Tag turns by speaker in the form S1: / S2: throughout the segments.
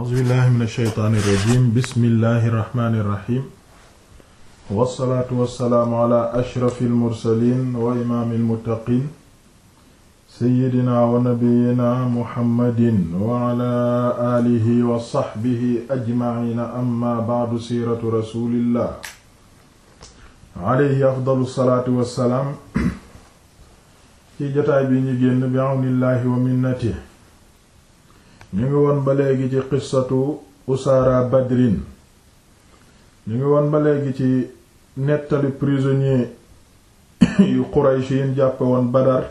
S1: a'uuzu billahi min alsheytaan irrajim bismillahi irrahmani irrahim wassalaatu wassalaamu ala ashrafi almursalin wa imaami almuttaqin seyidina wa nabiyina muhammadin wa ala aalihi wa saxbihi ajmaciina amma bacdu siiratu rasulillah alayhi afdalu salaatu wassalaam ci jotaay bi ñu génn bi awnillahi wa minnatihi ñu ngi woon ba léegi ci qissatu usaara badrin ñu ngi woon ba léegi ci nettali prisonnier yu quraysh yin jàppe woon badar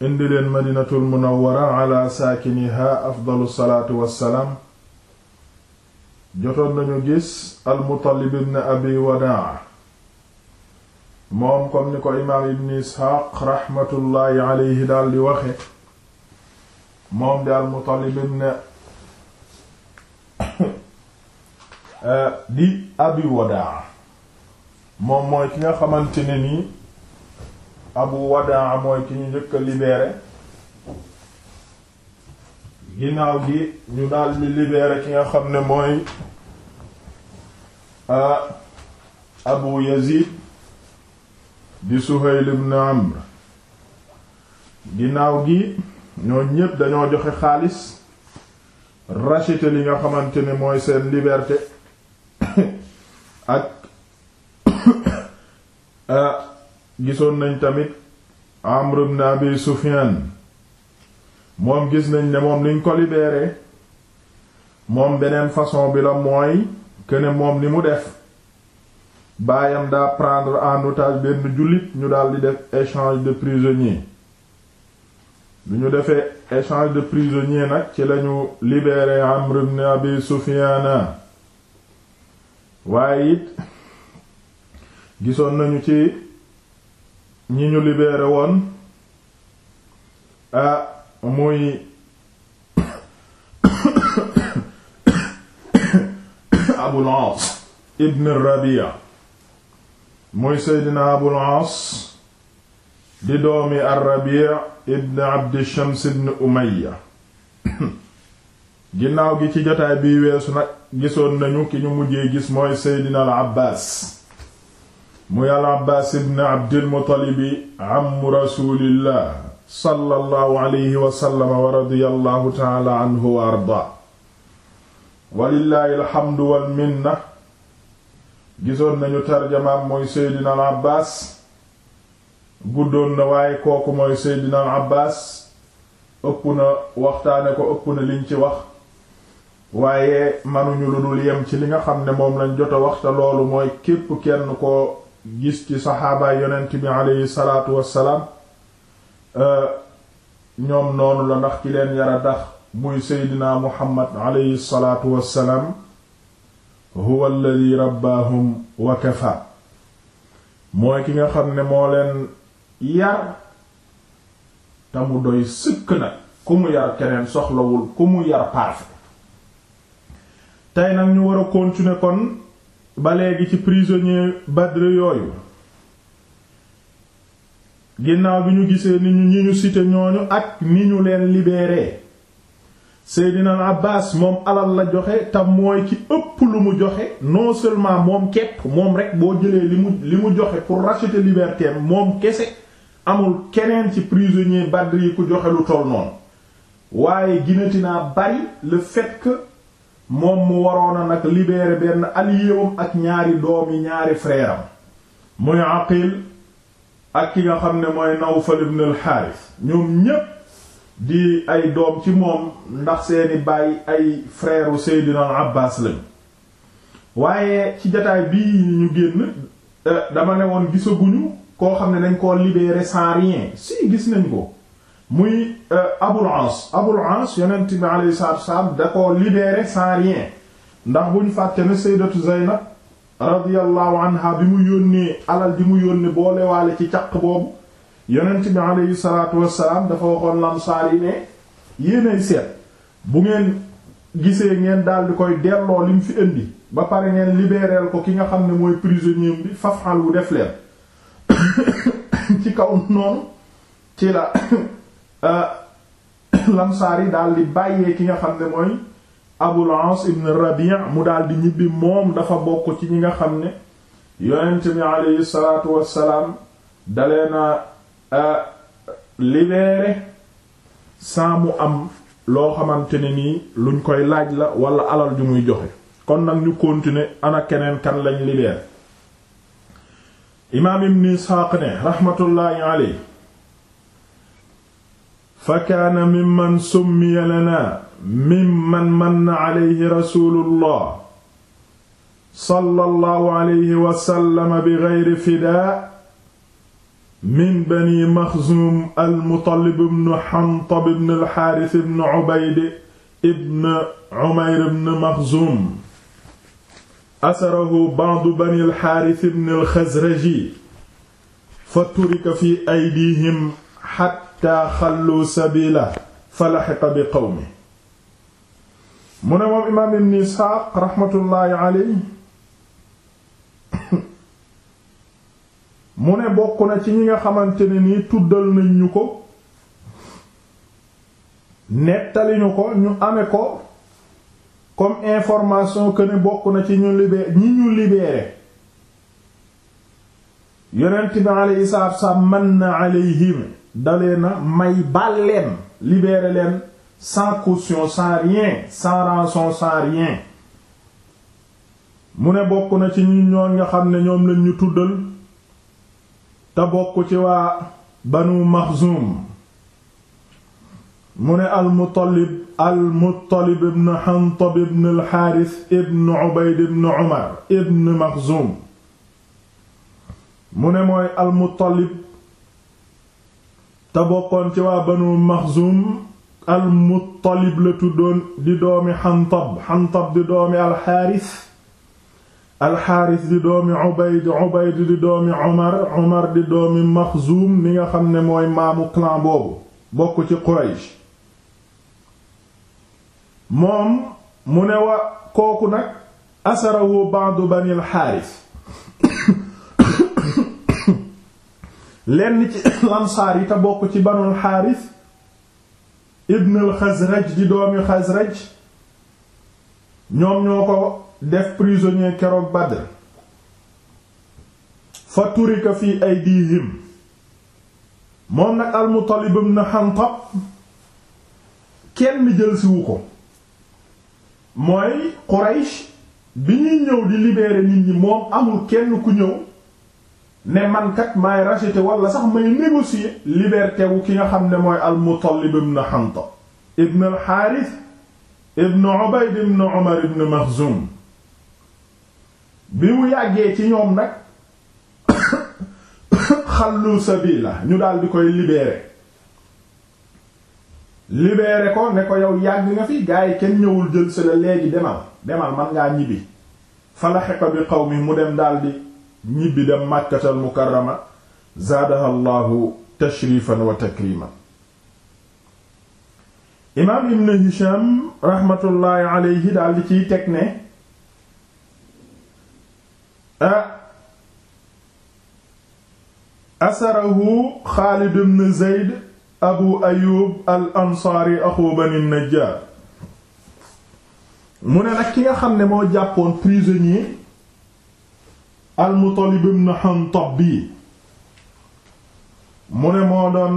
S1: indi leen madinatul munawwara ala saakiniha afdalu salaatu wassalaam jotoon nañu gis almutalib ibn abi wadaa moom comme ni ko imaam ibn isxaaq raxmatullaahi aleyhi daldi waxe moom di al-Muttalib ibn eh, di Abi Wadaa moom mooy ki nga xamante ne nii Abu Wadaa mooy ki ñu njëkk a ginnaaw gi ñu daal di libéré ki nga xam ne mooy eh, Abu Yazid di Suhayl ibn Amr ginnaaw gi ñoo ñépp dañoo joxe xaalis racheter li nga xamante ne mooy seen liberté ak ah, gisoon nañ tamit Amr ibn Abi Sufyan moom gis nañ ne moom niñ ko libéré moom beneen façon bi la mooy que moom ni mu def baayam daa prendre en otage benn jullit ñu daal di def échange de prisonniers bi ñu defee échange de prisonniers nag ci lañu libéré Amr ibn Abi Sufyaan waaye it gisoon nañu ci ñi ñu libéré woon a ah, muy Abul Aas ibn Rabi'a muy Seydina Abul Aas di doomi ar-Rabi' ibn Abdi Shams ibn Umayya ginnaaw gi ci jotaay biy weesu na gisoon nañu ki ñu mujjee gis mooy Seydina al-Abbaas muy al-Abbaas ibn Abdil Muttalibi ammu Rasuulillah sallallahu alayhi wa sallam wa radiyallahu ta'ala anhu wa ardaa walillahi alhamdu wal minna gisoon nañu tarjamaam mooy Seydina al-Abbaas guddoon na waaye kooku mooy Seydina al Abbaas ëpp na waxtaane ko ëpp na liñ ci wax waaye manuñu ludul dul yem ci li nga xam ne moom lañ jot a wax te loolu mooy képp kenn koo gis ci saxaabaay yonent bi aleyhi salaatu wassalaam euh, ñoom noonu la ndax ki leen yara dax muy Seydina Muhammad aleyhi salaatu wassalaam huwa alladi rabbaahum wa mooy ki nga xam ne moo leen yar te mu doy sëkk nag ku mu yar keneen soxlawul ku mu yar parfait tey nag ñu war a continuer kon ba léegi ci prisonnier Badr yooyu ginnaaw bi ñu gisee ni ñu ñi ñooñu ak ni ñu leen libéré Seydina Abbas moom alal la joxe te mooy ci ëpp lu mu joxe non moom képp moom rek boo jëlee li mu li mu joxe pour rafete liberté moom kese amul keneen ci prisonnier Badr yi ku joxe lu toll noonu waaye ginatinaa bari le fait moom mu waroon a nag libeere benn allié ak ñaari doomi ñaari frère am muy Aqil ak ki nga xam ne mooy Nawfal ibn al-Harith ñoom ñépp di ay doom ci moom ndax seeni bàyyi ay frère u Seydina Abbas lañu waaye ci jataay bii ñu génn eh, dama ne woon gisaguñu koo xam ne dañ koo libéré sans rien si gis nañ ko muy euh, Abul Aas Abul Aas yonent bi alayhi salaatu wassalaam da koo libéré sans rien ndax buñ fàtte ne Sayyidatu Zaynab radiyallahu anha bi mu yónnee alal bi mu yónnee boole waale ci caq boobu yonent bi alayhi salaatu wassalaam dafa waxoon lamsaar yi ne yéenay seet bu ngeen gisee ngeen daal di koy delloo li mu fi indi ba pare ngeen libeereel ko ki nga xam ne mooy prisonnier bi wu def leen ci kaw noonu ci la euh, lansaar yi daal di bàyyee ki nga xam ne mooy Abul As ibn Rabi' mu daal di ñibbi moom dafa bokk ci ñi nga xam ne yonent mi aleyhi salaatu wassalaam dalee na euh, libéré sans am loo xamante ne nii luñ koy laaj la wala alal ju muy joxe kon nag ñu continuer ana keneen kan lañ libéré imaam ibn isxaaq ne raxmatullaahi aley fa kaana mimman summiya lana mimman manna aleyhi rasuulullah sallallahu alayhi wa sallam bi geyri fidaa min bani maxzuum almutalib bnu xantab bnu alxaaris bnu ubayd ibn umayr bnu maxzuum asarahu ba'du bani al-Haaris ibn al-Xazraji fa turika fi aydiihim xatta xallu sabiila fa laxiqa bi qawmi mu ne moom imaam ibn Isxaaq raxmatullaahi alayhi mu ne bokk na ci ñi nga xamante ne nii tuddal nañ ñu ko nettali ñu ko ñu ame ko comme information que ne bokk na ci ñu libéré ñi ñu libéré yonent bi alayhi salaatu na alayhim dalee na may baal leen libéré leen sans caution sans rien mu ne bokk na ci ñu ñoon nga xam ne ñoom lañ ñu tuddal te bokk ci waa Banu Maxsum mu ne almuttalib almuttalib ibn hantab ibn alxaaris ibn ubayd ibn umar ibn maxzum mu ne mooy almuttalib te bokkoon ci waa banu maxzum almuttalib la tuddoon di doomi hantab hantab di doomi alxaaris alxaaris di doomi ubayd ubayd di doomi umar umar di doomi maxzum mi nga xam ne mooy maamu clan boobu bokk ci quraysh moom mu ne wa kooku nag asarahu ba'du bani al-Haaris lenn ci lansaar yi te bokk ci banul Haaris ibn al-Xazraj di doomi Xazraj ñoom ñoo ko def prisonnier keroog Badr fa turika fi aydihim moom nag al-Muttalib ibn Hantab kenn jëlsiwu ko mooy Quraysh bi ñuy ñëw di libérer nit ñi moom amul kenn ku ñëw ne man kat maay racheter wala sax may négocier liberté wu ki nga xam ne mooy al-Mutallib ibn Hamta ibn al-Harith ibn Ubayd ibn Umar ibn Makhzum bi mu yàggee ci ñoom nag xallu sabila ñu daal di koy libérer libéré ko ne ko yow yàgg nga fi gars yi kenn ñëwul jël si la léegi demal demal man ngaa ñibbi falaxiqa bi qawmi mu dem daldi ñibbi dem màkkatal mukarrama zaadaha allahu tashrifan wa takriman imaam ibn hisham rahmatullahi daldi ciy teg ne ah asarahu xaalid ibn zayd abu ayub mu ne nag ki nga xam ne moo jàppoon prisonnier al muttalib ibn hantab bi mu ne moo doon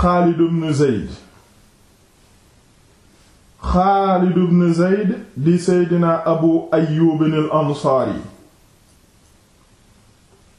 S1: xaalid ibn zeyd xaalid ibn zeyd di seydina abu ayubin al ansaari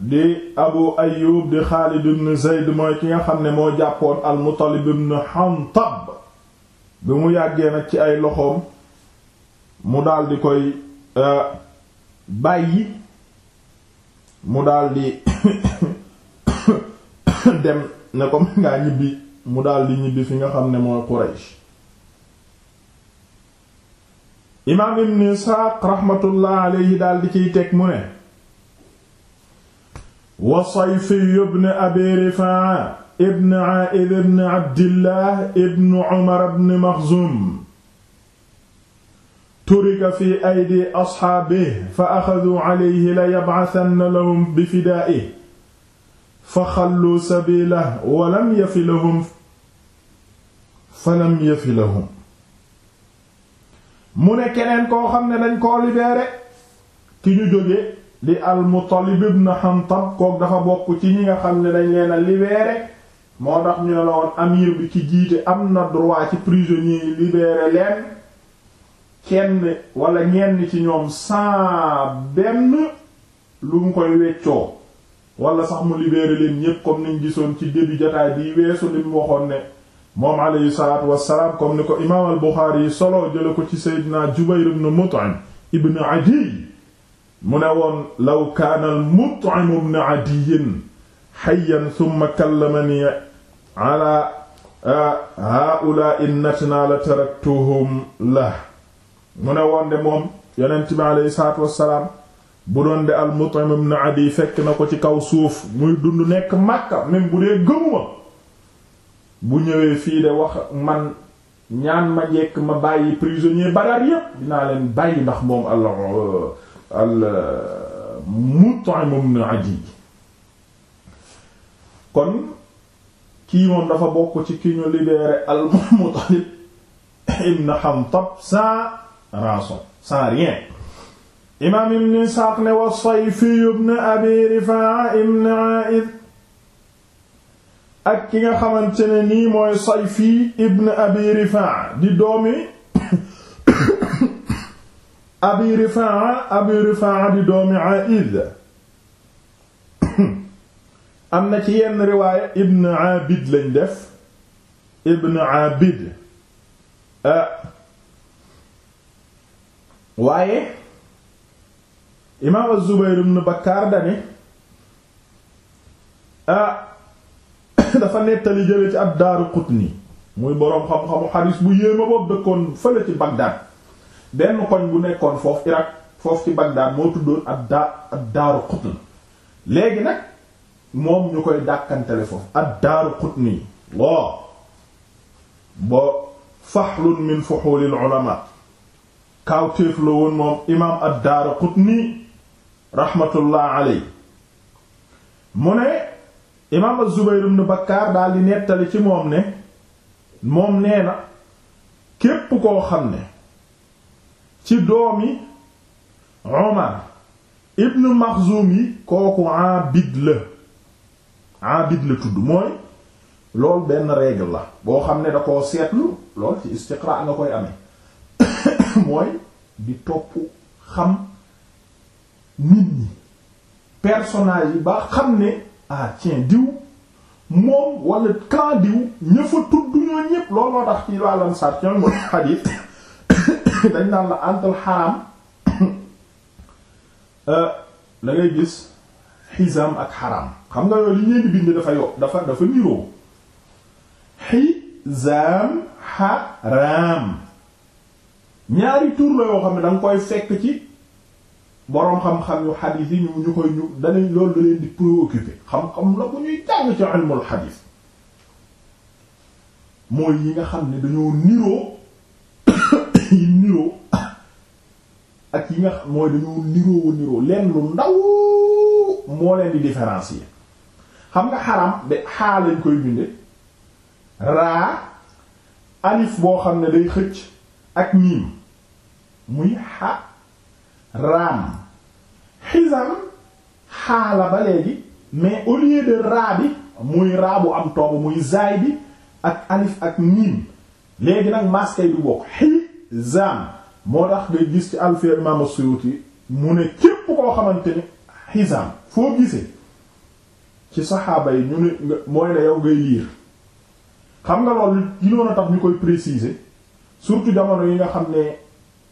S1: di abu ayub di xaalid ibn mooy ki nga xam ne moo jàppoon al muttalib ibn bi mu yàggee nag ci ay loxoom mu daldi koy euh, bàyyi mu daldi dem ne ko mën ngaa ñibbi mu daldi ñibbi fi nga xam ne mooy quraysh imaam ibn isaaq raxmatullah alayhi daldi ciy teg mu ne wa Sayfi ibn Abi Rifaa ibn Aa'id ibn Abdillah ibn Umar ibn Maxzum turika fi aydi asxaabihi fa axaduu calayhi la yabcasanna lahum bi fidaa'ihi fa xalluu sabiilahu wa lam yafi lahum fa lam yafi lahum mu ne keneen koo xam ne dañ koo libéré ki ñu jóge di al-Muttalib ibn Hantab kook dafa bokk ci ñi nga xam ne dañ leen a libéré moo tax ñu ne la woon amir bi ci jiite am na droit ci prisonniers yi libéré leen kenn wala ñenn ci ñoom sans benn lu mu koy weccoo wala sax mu libéré leen ñépp comme niñ gisoon ci début jotaay bi weesu li mu waxoon ne moom alayhi salaatu wassalaam comme ni ko imaam Buxaari yi solo jële ko ci Seydina Jubayr ibn Mut'im ibn Adiy mu ne woon law kaana al-Mut'im ibn Adiy hayyan thumma kallamani ala haa'ulaa'i an-natnaa la taraktuhum lah mu ne woon de moom yonent bi aleyhi salaatu wassalaam bu doon de al-Mut'im ibn Adiy fekk na ko ci kaw suuf muy dund nekk Makka même bu dee gëmuma bu ñëwee fii de wax man ñaan ma jekk ma bàyyi prisonnier Badar yépp dinaa leen bàyyi ndax moom Allah al euh, Mut'im ibn Adi kon kii moom dafa bokk ci ki ñu libéré al Mutalib ibn Hantab sans rançon sans rien imaam ibn Isaaq ne wa Sayfi ibn Abi Rifaa ibn Aa'id ak ki nga xamante ne nii mooy Sayfi ibn Abi Rifaa di doomi abi rifaa di doomi aid am na ci yenn riwaaya ibn abid lañ def ibn abid ah waaye imaam az-zubayr ibn bakkaar dani ah dafa nettali jële ci ad-daaraqutni muy boroom xam-xamu xadiis bu yéema boobu dëkkoon fële ci bagdad benn koñ bu nekkoon foofu Irak foofu ci Bagdad moo tuddoon ab daaru xutn léegi nag moom ñu koy dàkkantele foofu ab daaru xutni loo boo fahlun min fuhulil ulama kawtéef la woon moom imaam ad daara qutni rahmatullah aley mu ne imaam az-Zubayr Bakkaar daal di nettali ci moom ne moom nee na képp koo xam ne ci doomi Umar ibn Maxzum yi kooku Abid la Abid la tudd mooy loolu benn règle la boo xam ne da koo seetlu lool ci istiqra nga koy amee mooy di topp xam nit ñi personnage yi ba xam ne ah tiens diw moom wala kan diw ña fa tudd ñoo ñépp looloo tax ci wàllan sar ci mooy xadiis dañ naan la antal xaram euh, da ngay gis xisam ak xaram xam nga yooyu li ñeen di bind dafa yo dafa dafa niroo xisam xaram ñaari tur la yoo xam ne da nga koy fekk ci boroom xam-xam yu xadiis yi ñu ñu koy ñu danañ loolu leen di préoccupé xam-xam la bu ñuy jàng ci ilmul xadiis mooy yi nga xam ne dañoo niroo yi niroo ak yi nga xam mooy dañoo niroo niroo lenn lu ndaw moo leen di différencier xam nga xaram de xaa lañ koy binde raa alif boo xam ne day xëcc ak niim muy xa raam xisam xaa la ba léegi mais au de raa bi muy raa bu am tomb muy zaay bi ak alif ak niim léegi nag masque yi bokk zam moo tax ngay gis ci alfiya imam Suyuti mu ne képp koo xamante ni xisam foo gisee ci saxaaba yi ñu ne mooy ne yow ngay liir xam nga loolu ginoon a tax ñu koy préciser surtout jamono yi nga xam ne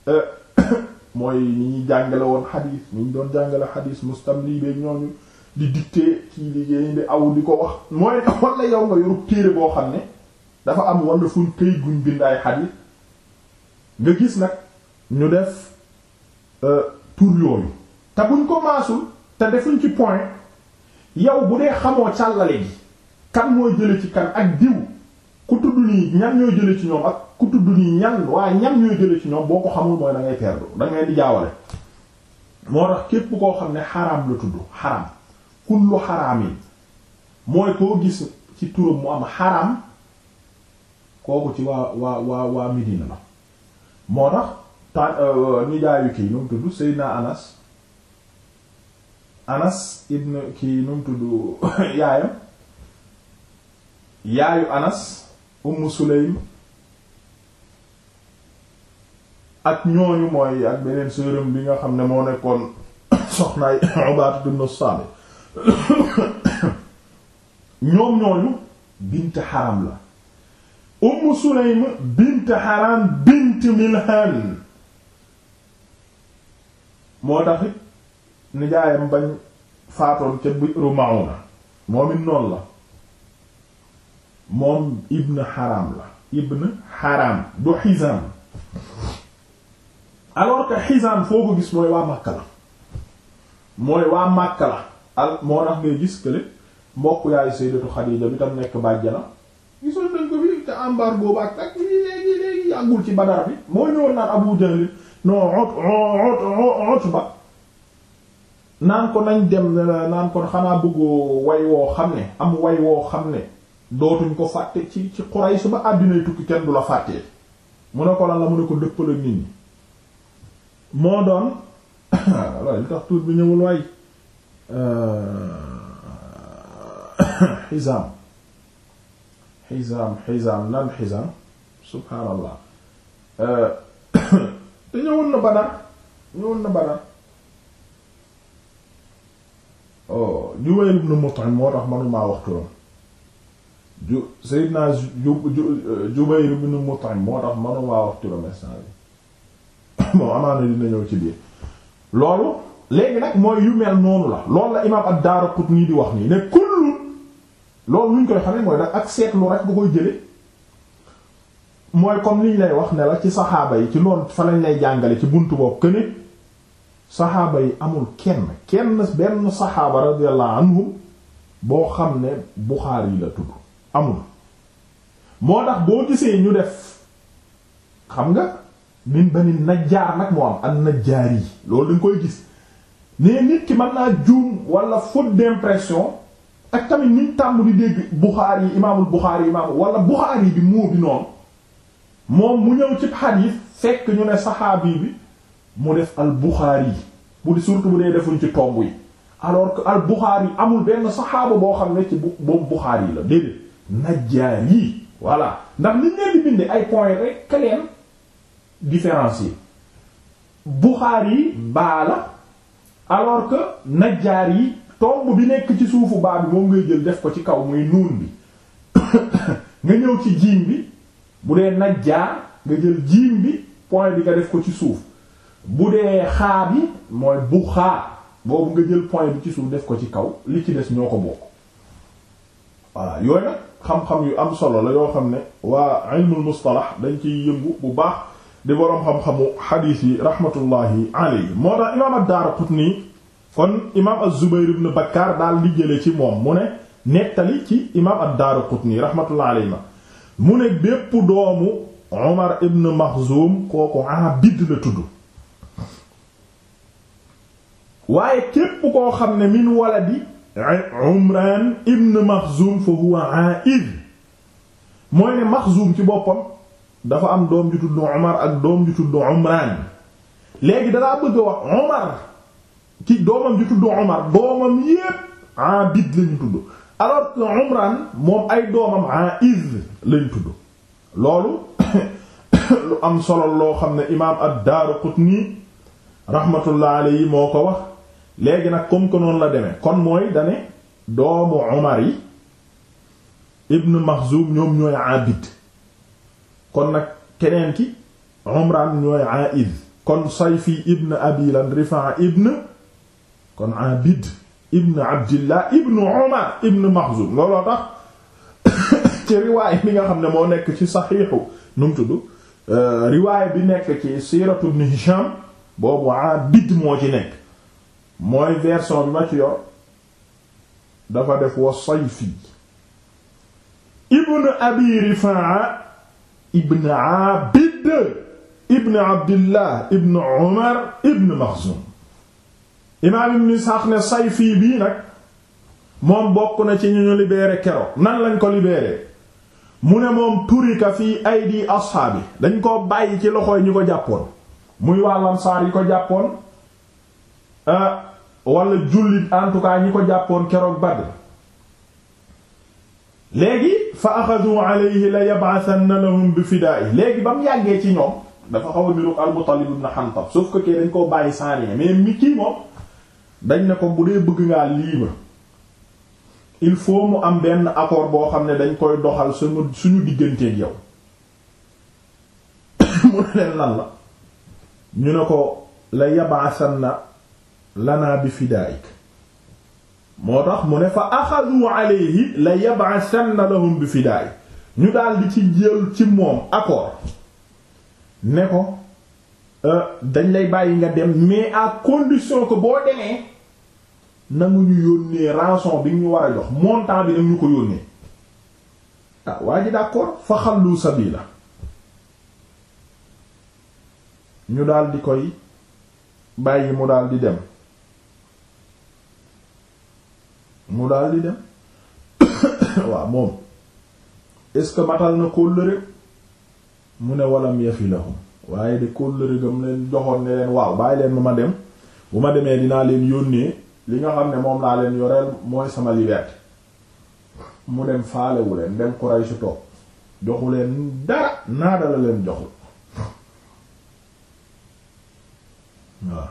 S1: euh, mooy ñi ñuy jàngale woon xadiis ñu doon jàngale xadiis mustamli beeg ñooñu di dicté ci liggéey di aw di ko wax mooy wala yow nga yorub téere boo xam ne dafa am wala fuñ këy guñ bind xadiis nga gis nag ñu def euh, tur yooyu te buñ ko maasul te defuñ ci point yow bu dee xamoo càllale gi kan mooy jële ci kan ak diw ku tudd nii ñan ñooy jële ci ñoom ak ku tudd nii ñan waaye ñan ñooy jële ci ñoom boo ko xamul mooy da ngay perdre da ngay moo tax képp koo xam ne xaraam la tudd xaraam kullu xaraam yi mooy koo gis ci turam mu am xaraam kooku ci waa waa waa waa Medina la moo tax ta nijaayu euh, kii nu mu tudd Seydina Anas Anas ibn kii nu tudd yaayam yaayu Anas Umm Sulaym ak ñooñu mooy ak beneen sërëm bi nga xam ne moo nekkoon soxnaay Ubaadatu ibn Saamit ñoom ñooñu bint Haram la umm sulaym bint haram bint milhan moo taxit nijaayam bañ faatoon ca biiru mauna moom it noonu la moom ibn haram la ibn haram du xisam alors que xisam foo ko gis mooy waa Makka la mooy waa Makka la al moo tax ngay gis kële mbokk yaayu sayyidatu Xadiija bi tam nekk bàjjana bi te embargo ba ak léegi léegi yàggul ci Badar bi moo ñëwoon naan Abu Jahl non ot ot ot ba naan ko nañ dem naan kon xanaa bëggoo way woo xam ne am way woo xam ne dootuñ ko fàtte ci ci Quraysh ba àddinay tukki kenn du la fàttee mu ne ko lan la mu ne ko dëppale nit ñi moo doon waaye lu tax tuur bi ñëwul waay euh, Hizaam xizaam xizaam nan xizaam subhaanallah te euh, ñëwoon na Badar ñëwoon na Badar oh Juwayr ibn Mut'im moo tax manumaa wax turam ju Jubayr ibn Mut'im moo tax manumaa wax turam instant bi moom dina ñëw ci biir loolu léegi nag mooy yu mel noonu la loolu la imaam ad-Daaraqutni di wax nii loolu nuñ koy xamee mooy nag ak seetlu rek bu koy jële mooy comme liñ lay wax ne la ci saxaaba yi ci noonu fa lañ lay jàngale ci bunt boobu këne saxaaba yi amul kenn kenn benn saxaaba radiyallahu anhum boo xam ne Buxaari yi la tudd amul moo tax boo gisee ñu def xam nga min bani najjaar nag moo am an najjaar yi loolu dañ koy gis ne nit ki mën naa juum wala faute d'impression ak tamit niñ tàmm di dégg Buxaari yi imaamul Buxaari imaamul wala Buxaari bi moo bi noonu moom mu ñëw ci xadiis fekk ñu ne saxaabi bi mu def al Buxaari yi bu di surtout bu dee defuñ ci tomb yi alors que al Buxaari amul benn saxaaba boo xam ne ci boobu Buxaari yi la déedéet najjaar yi voilà ndax niñ leen di bindee ay point rek ka leen différencier yi baa la alors que najjaar yi tomb bi nekk ci suufu baa bi moom ngay jël def ko ci kaw muy nuun bi nga ñëw ci jiiñ bi bu dee najjaa nga jël jiim bi point bi nga def ko ci suuf bu dee xaa bi mooy bu xaa boobu nga jël point bi ci suuf def ko ci kaw li ci des ñoo ko bokk voilà yooyu nag xam-xam yu am solo la yoo xam ne waa ilmul mustalah dañ ci yëngu bu baax di boroom xam-xamu xadiis yi rahmatullahi alayhi moo tax imaam ad-Daaraqutni kon imaam az-Zubayr ibn Bakkar daal di jële ci moom mu ne nettali ci imaam ad-Daaraqutni rahmatullah alayhi mu ne bépp doomu Umar ibn Maxzum kooku Abid la tudd waaye képp koo xam ne min waladi Umraan ibn Maxzum fa huwa Aa'id mooy ne Maxzum ci boppam dafa am doom ju tudd Umar ak doom ju tudd Umraan léegi dalaa bëgg a wax Umar ci doomam ju tudd Omar doomam yépp Abid lañu tudd alors que Umran moom ay doomam Aiz lañ tudd loolu lu am solo loo xam ne imaam ad-Daaraqutni rahmatullah yi moo ko wax léegi nag comme que noonu la demee kon mooy dane doomu Umar yi ibn Maxzum ñoom ñooy Abid kon nag keneen ki Umran ñooy Aiz kon Sayfi ibn Abi Lan Rifaa ibn kon abid ibn abdillah ibn umar ibn maxzum looloo tax ci riwaay bi nga xam ne moo nekk ci saxiixu nu mu tudd euh, riwaay bi nekk ci siiratu ibn hisham boobu abid moo ci nekk mooy version bi ma ci yor dafa def wa sayfi ibn abi rifaa ibn abid ibn abdillah ibn umar ibn maxzum imaam ibn Isxaaq ne Sayfi bii nag moom bokk na ci ñu ñu keroog nan lañ ko libéré mu ne moom turika fii aydi ashaabi dañ ko bàyyi ci loxooy ñu ko jàppoon muy waa Ansaar yi ko jàppoon ah, wala jullit en tout ñi ko jàppoon keroog Badr léegi fa axadu alayhi la yab'athanna lahum bi fidaa'i léegi ba mu yàggee ci ñoom dafa xaw a niru Al-Muttalib ibn Hantab sauf que kee dañ koo bàyyi sans rien mais mi kii moom dañ ne ko bu dee bëgg ngaa libre il faut mu am benn accord boo xam ne dañ koy doxal suñu suñu digganteeg yow mu ne leen la ñu ne ko la yab'athanna lanaa bi fidaa'ik moo tax mu ne fa axadu alayhi la yab'athanna lahum bi fidaa'ik ñu daal ci jël ci moom accord ne ko Euh, dañ lay bàyyi nga dem mais à condition que boo demee nangu ñu yónnee rançon bi ñu war a jox montant bi nag ñu ko yónnee ah waa ji d'accord fa xallu sabila ñu daal koy bàyyi mu daal di dem mu daldi dem waaw moom est-ce que matal na kóllëre mu ne walam yafi lahum waaye de kóllëre gam leen joxoon ne leen waaw bàyyi leen ma ma dem bu ma demee dinaa leen yónnee li nga xam ne moom laa leen yoreel mooy sama liberté mu dem faalewu leen dem Quraysh toog joxu leen dara naada la leen joxul waaw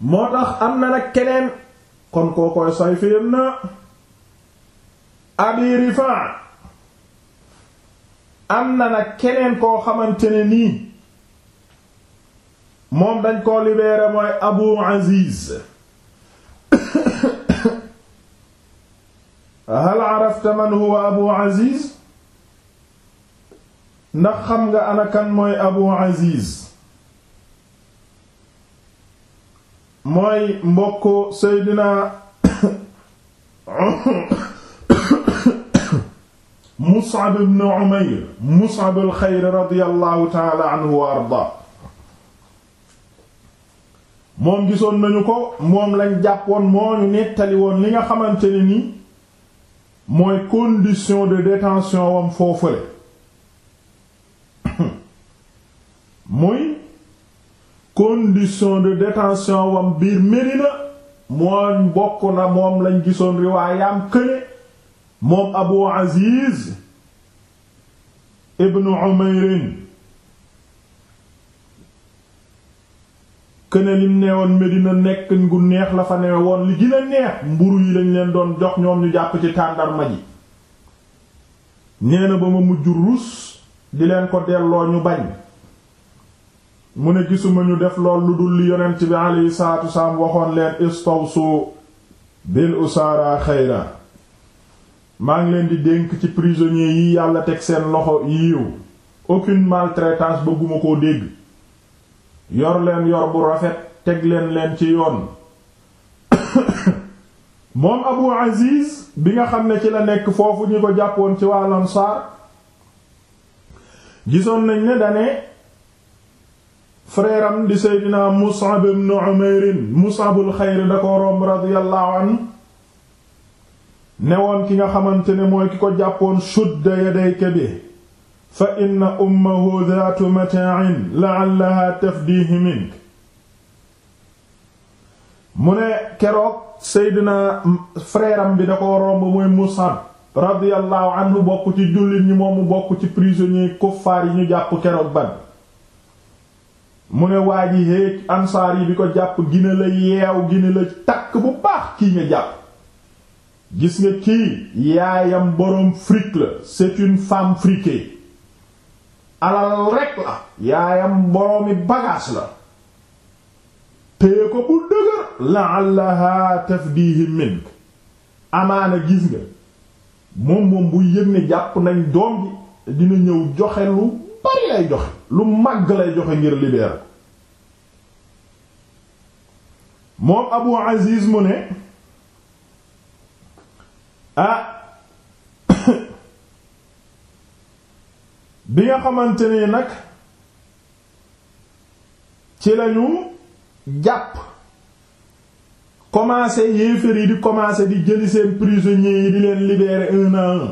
S1: moo tax am na nag keneen kon koo koy Sayf ibn Abi Rifa' am nana keneen koo xamante ne nii moom dañ koo libéré mooy Abu Aziz hal arafta man huwa Abu Aziz ndax xam nga ana kan mooy Abu Aziz mooy mbokk Seydina Mus'ab ibn Umayr Mus'ab moom gisoon nañu ko moom lañ jàppoon moo ñu nettali woon li nga xamante ni mooy condition de détention wam foofale muy condition de détention wam biir Médina moo bokk na moom lañ gisoon riwaayam këne moom abu aziz ibnu umayrin këne lim nee woon nekk gu neex la fa newe woon li gën a neex mburu yi lañ leen doon jox ñoom ñu jàpp ci tàndarma ji nee ba ma mujj rus di leen ko delloo ñu bañ mu ne gisuma ñu def lool lu dul li yonent bi aleyhi salaatu wasalaam waxoon leen istawsu bil xayra maa ngi leen di dénk ci prisonniers yi yàlla teg seen loxo yiiw aucune maltraitance bëgguma koo dégg yor leen yor bu rafet teg leen leen ci yoon moom Abu Aziz bi nga xam ne ci la nekk foofu ñu ko jàppoon ci waa Ansaar gisoon nañ ne dane frère am di Seydina Mus'ab ibn Umayr Mus'abul Xayr da ko romb radiyallahu anhu newoon ki nga xamante ne mooy ki ko jàppoon sudda yadayka bi fa inna ummahu dhaatu mata'in la'allaha tafdihi mink mu ne keroog seydina frère am bi da ko romb mooy Mus'ab radiyallahu anhu bokk ci jullit ñi moom mu bokk ci prisonnier kuffaar yi ñu jàpp keroog ban mu ne waa ji ansaar yi bi ko jàpp gina la yeew gina la takk bu baax kii nga jàpp gis nga kii yaayam boroom fric la c'est une femme friquée alal rek la yaayam boroomi bagage la téye ko bu dëgër la'allaha tafdihi mink amaana gis nga moom moom bu yëg ne jàpp nañ doom bi dina ñëw joxe lu bari lay joxe lu màgg lay joxe ngir libérer moom Abu Aziz mu ne ah bi nga xamante nag ci lañu jàpp commencé yéefar yi di commencé di jëli seen prisonniers yi di leen libérer un à un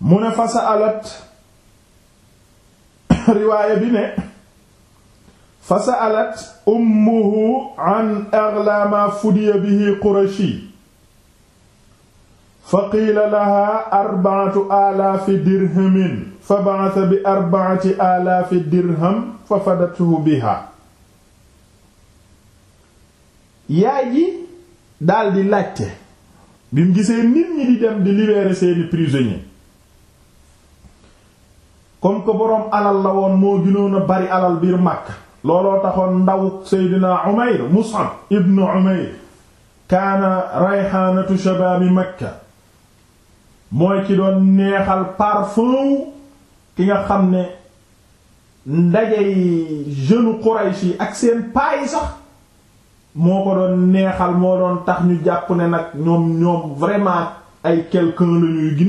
S1: mu ne fa sa alat riwaaya bi ne fa sa alat ummuhu an aghla ma fudiya bihi qurashi fa qiila laha arbaatu alaafi dirhamin fa ba'atha bi arbaati alaafi dirham fa fadathu biha yaay ji daldi laajte bi mu nit ñi di dem di libérer seeni prisonniers comme que boroom alal la woon moo gënoon bari alal biir Makka looloo taxoon ndaw Seydina Umayr Mus'ab ibnu Umayr kaana rayhaanatu shabaabi Makka mooy ki doon neexal parfum ki nga xam ne ndajey jeune Quraysh yi ak seen payi sax moo ko doon neexal moo doon tax ñu jàpp ne nag ñoom ñoom vraiment ay quelqu'un la ñuy gën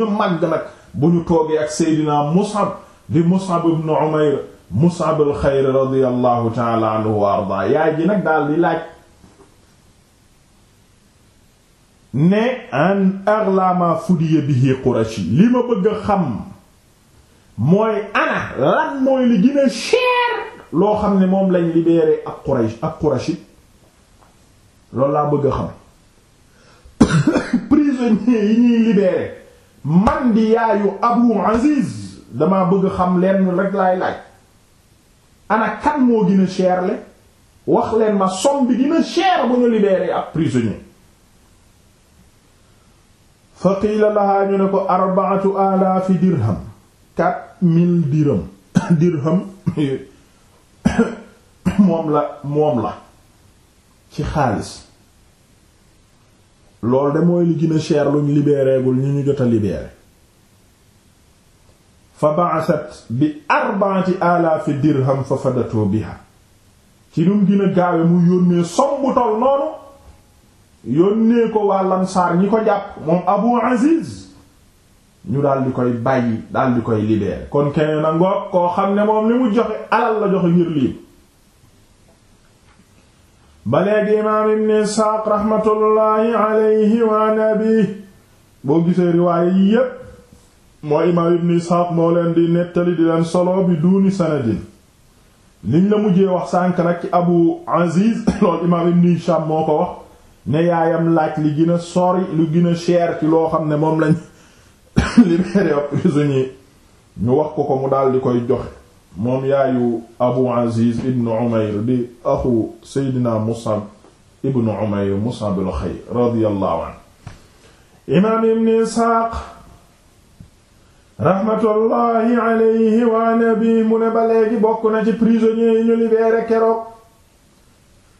S1: nag bu ñu toogee ak Seydina Mus'ab di Mus'ab ibn Umayr Mus'ab al-Xayr radiyallahu anhu wa yaay ji nag daal di laaj ne an aglaama fudiya bihi qurashi li ma bëgg a xam mooy ana lan mooy li gën a loo xam ne moom lañ libeere ak qurashi ak qurashi loolu laa bëgg a xam prisonnier yi ñuy libéré man di yaayu abu aziz dama bëgg xam leen rek lay laaj ana kan moo gën a le wax leen ma somme bi gën bu ñu libéré ak prisonnier fa qiila lahaa ñu ne ko arbaatu alaafi dirham quatre mille dirham dirham moom la moom la ci xaalis loolu de mooy li gën a cher luñ libéreegul ñu ñu jot a libéré fa ba'athat bi arbaati alaafi dirham fa fadatoo biha ci num gën gaawe mu yónnee sombu tol noonu yónnee ko waa Ansaar ñi ko jàpp moom Abu Aziz ñu daal di koy bàyyi daal koy libérer kon keneen na ngoog koo xam ne moom li mu joxe alal la joxe ngir lii ba léegi imaam ibn Isxaaq raxmatullaahi alayhi wa nabi boo gisee riwaaye yi yépp moo imaam ibn Isxaaq moo leen di nettali di leen solo bi duuni sanadin liñ la mujjee wax sànk nag ci Abu Aziz loolu imaam ibn Hishaam moo ko wax ne yaayam laaj li gën a sori lu gën ci loo xam ne moom lañ libéré prisonnier ñu wax ko ko mu daal di koy joxe moom yaayu Abu Aziz ibnu Umayr di axu Seydina Musab ibnu Umayr Musab al raxmatullahi alayhi wa mu ne ba léegi bokk na ci prisonnier yi ñu libéré keroog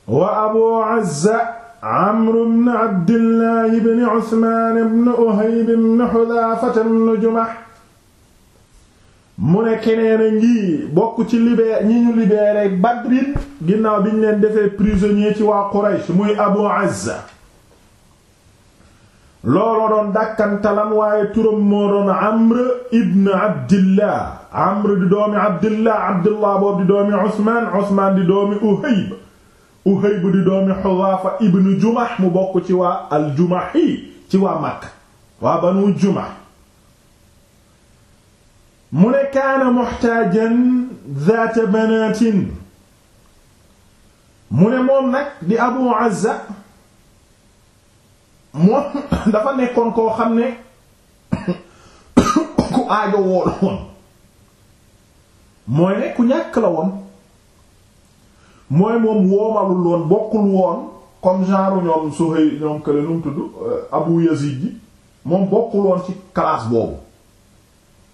S1: wa Abu Azza Amru ibn Abdillah ibn Usmaan ibn mu ne keneen a bokk ci libéré ñi ñu libéré Badrin ginnaaw bi ñu leen defee prisonnier ci waa Quraysh muy Abu Azza looloo doon dàkkantalam waaye turam moo doon Amr ibn Abdillah Amr di doomi Abdillah Abdillah boobu di doomi Usmaan Usmaan di doomi Uhayb Uhayb di doomi Hudhafa ibn Jumah mu bokk ci waa al-Jumahi ci waa Makka waa Banu Jumah mu ne kaana muhtaajan zaata banaatin mu ne moom nag di Abu Azza moom dafa nekkoon koo xam ne ku aajo woon mooy ne ñàkk la woon mooy moom woomalul woon bokkul woon comme genre ñoom Suhayl ñoom kële nu tudd euh, Abu Yazid ji moom bokkul woon ci classe boobu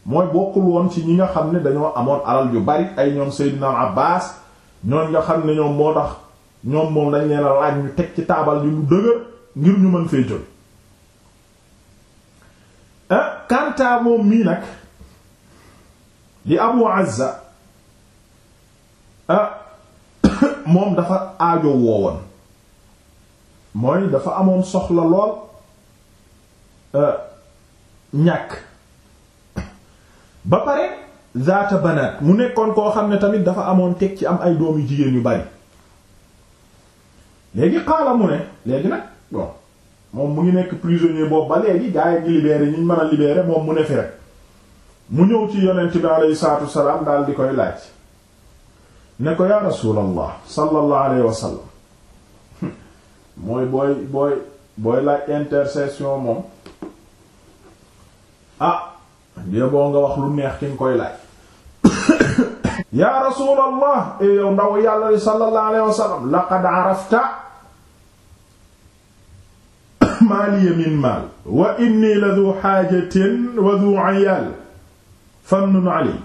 S1: mooy bokkul woon ci ñi nga xam ne dañoo amoon alal yu bari ay ñoom Seydina Abbas ñoon nga xam ne ñoom moo tax ñoom moom dañ leen a ñu teg ci taabal yi lu dëgër ngir ñu mën fay jël ah, kanta moom mii nag di Abu Azza ah moom dafa aajo woowoon mooy dafa amoon soxla lool euh, ñàkk ba pare zaata banaat mu nekkoon koo xam ne tamit dafa amoon teg ci am ay doom jigéen yu bari léegi xaala mu ne léegi nag moom mu ngi nekk prisonnier boobu ba léegi gaa yi ngi libéré ñu mën a libéré moom mu ne fi rek mu ñëw ci yonent bi alayhi salaatu salaam daal di koy laaj ne ko yaa rasulallah sallallahu alayhi wa sallam mooy booy booy booy laaj intercession moom ah dée boo nga wax lu neex ki nga koy laaj yaa rasulallah e yow ndaw yàlla li sallallahu alayhi wa laqad arafta min maal wa inni la du xaajatin wa du ayal famnun ali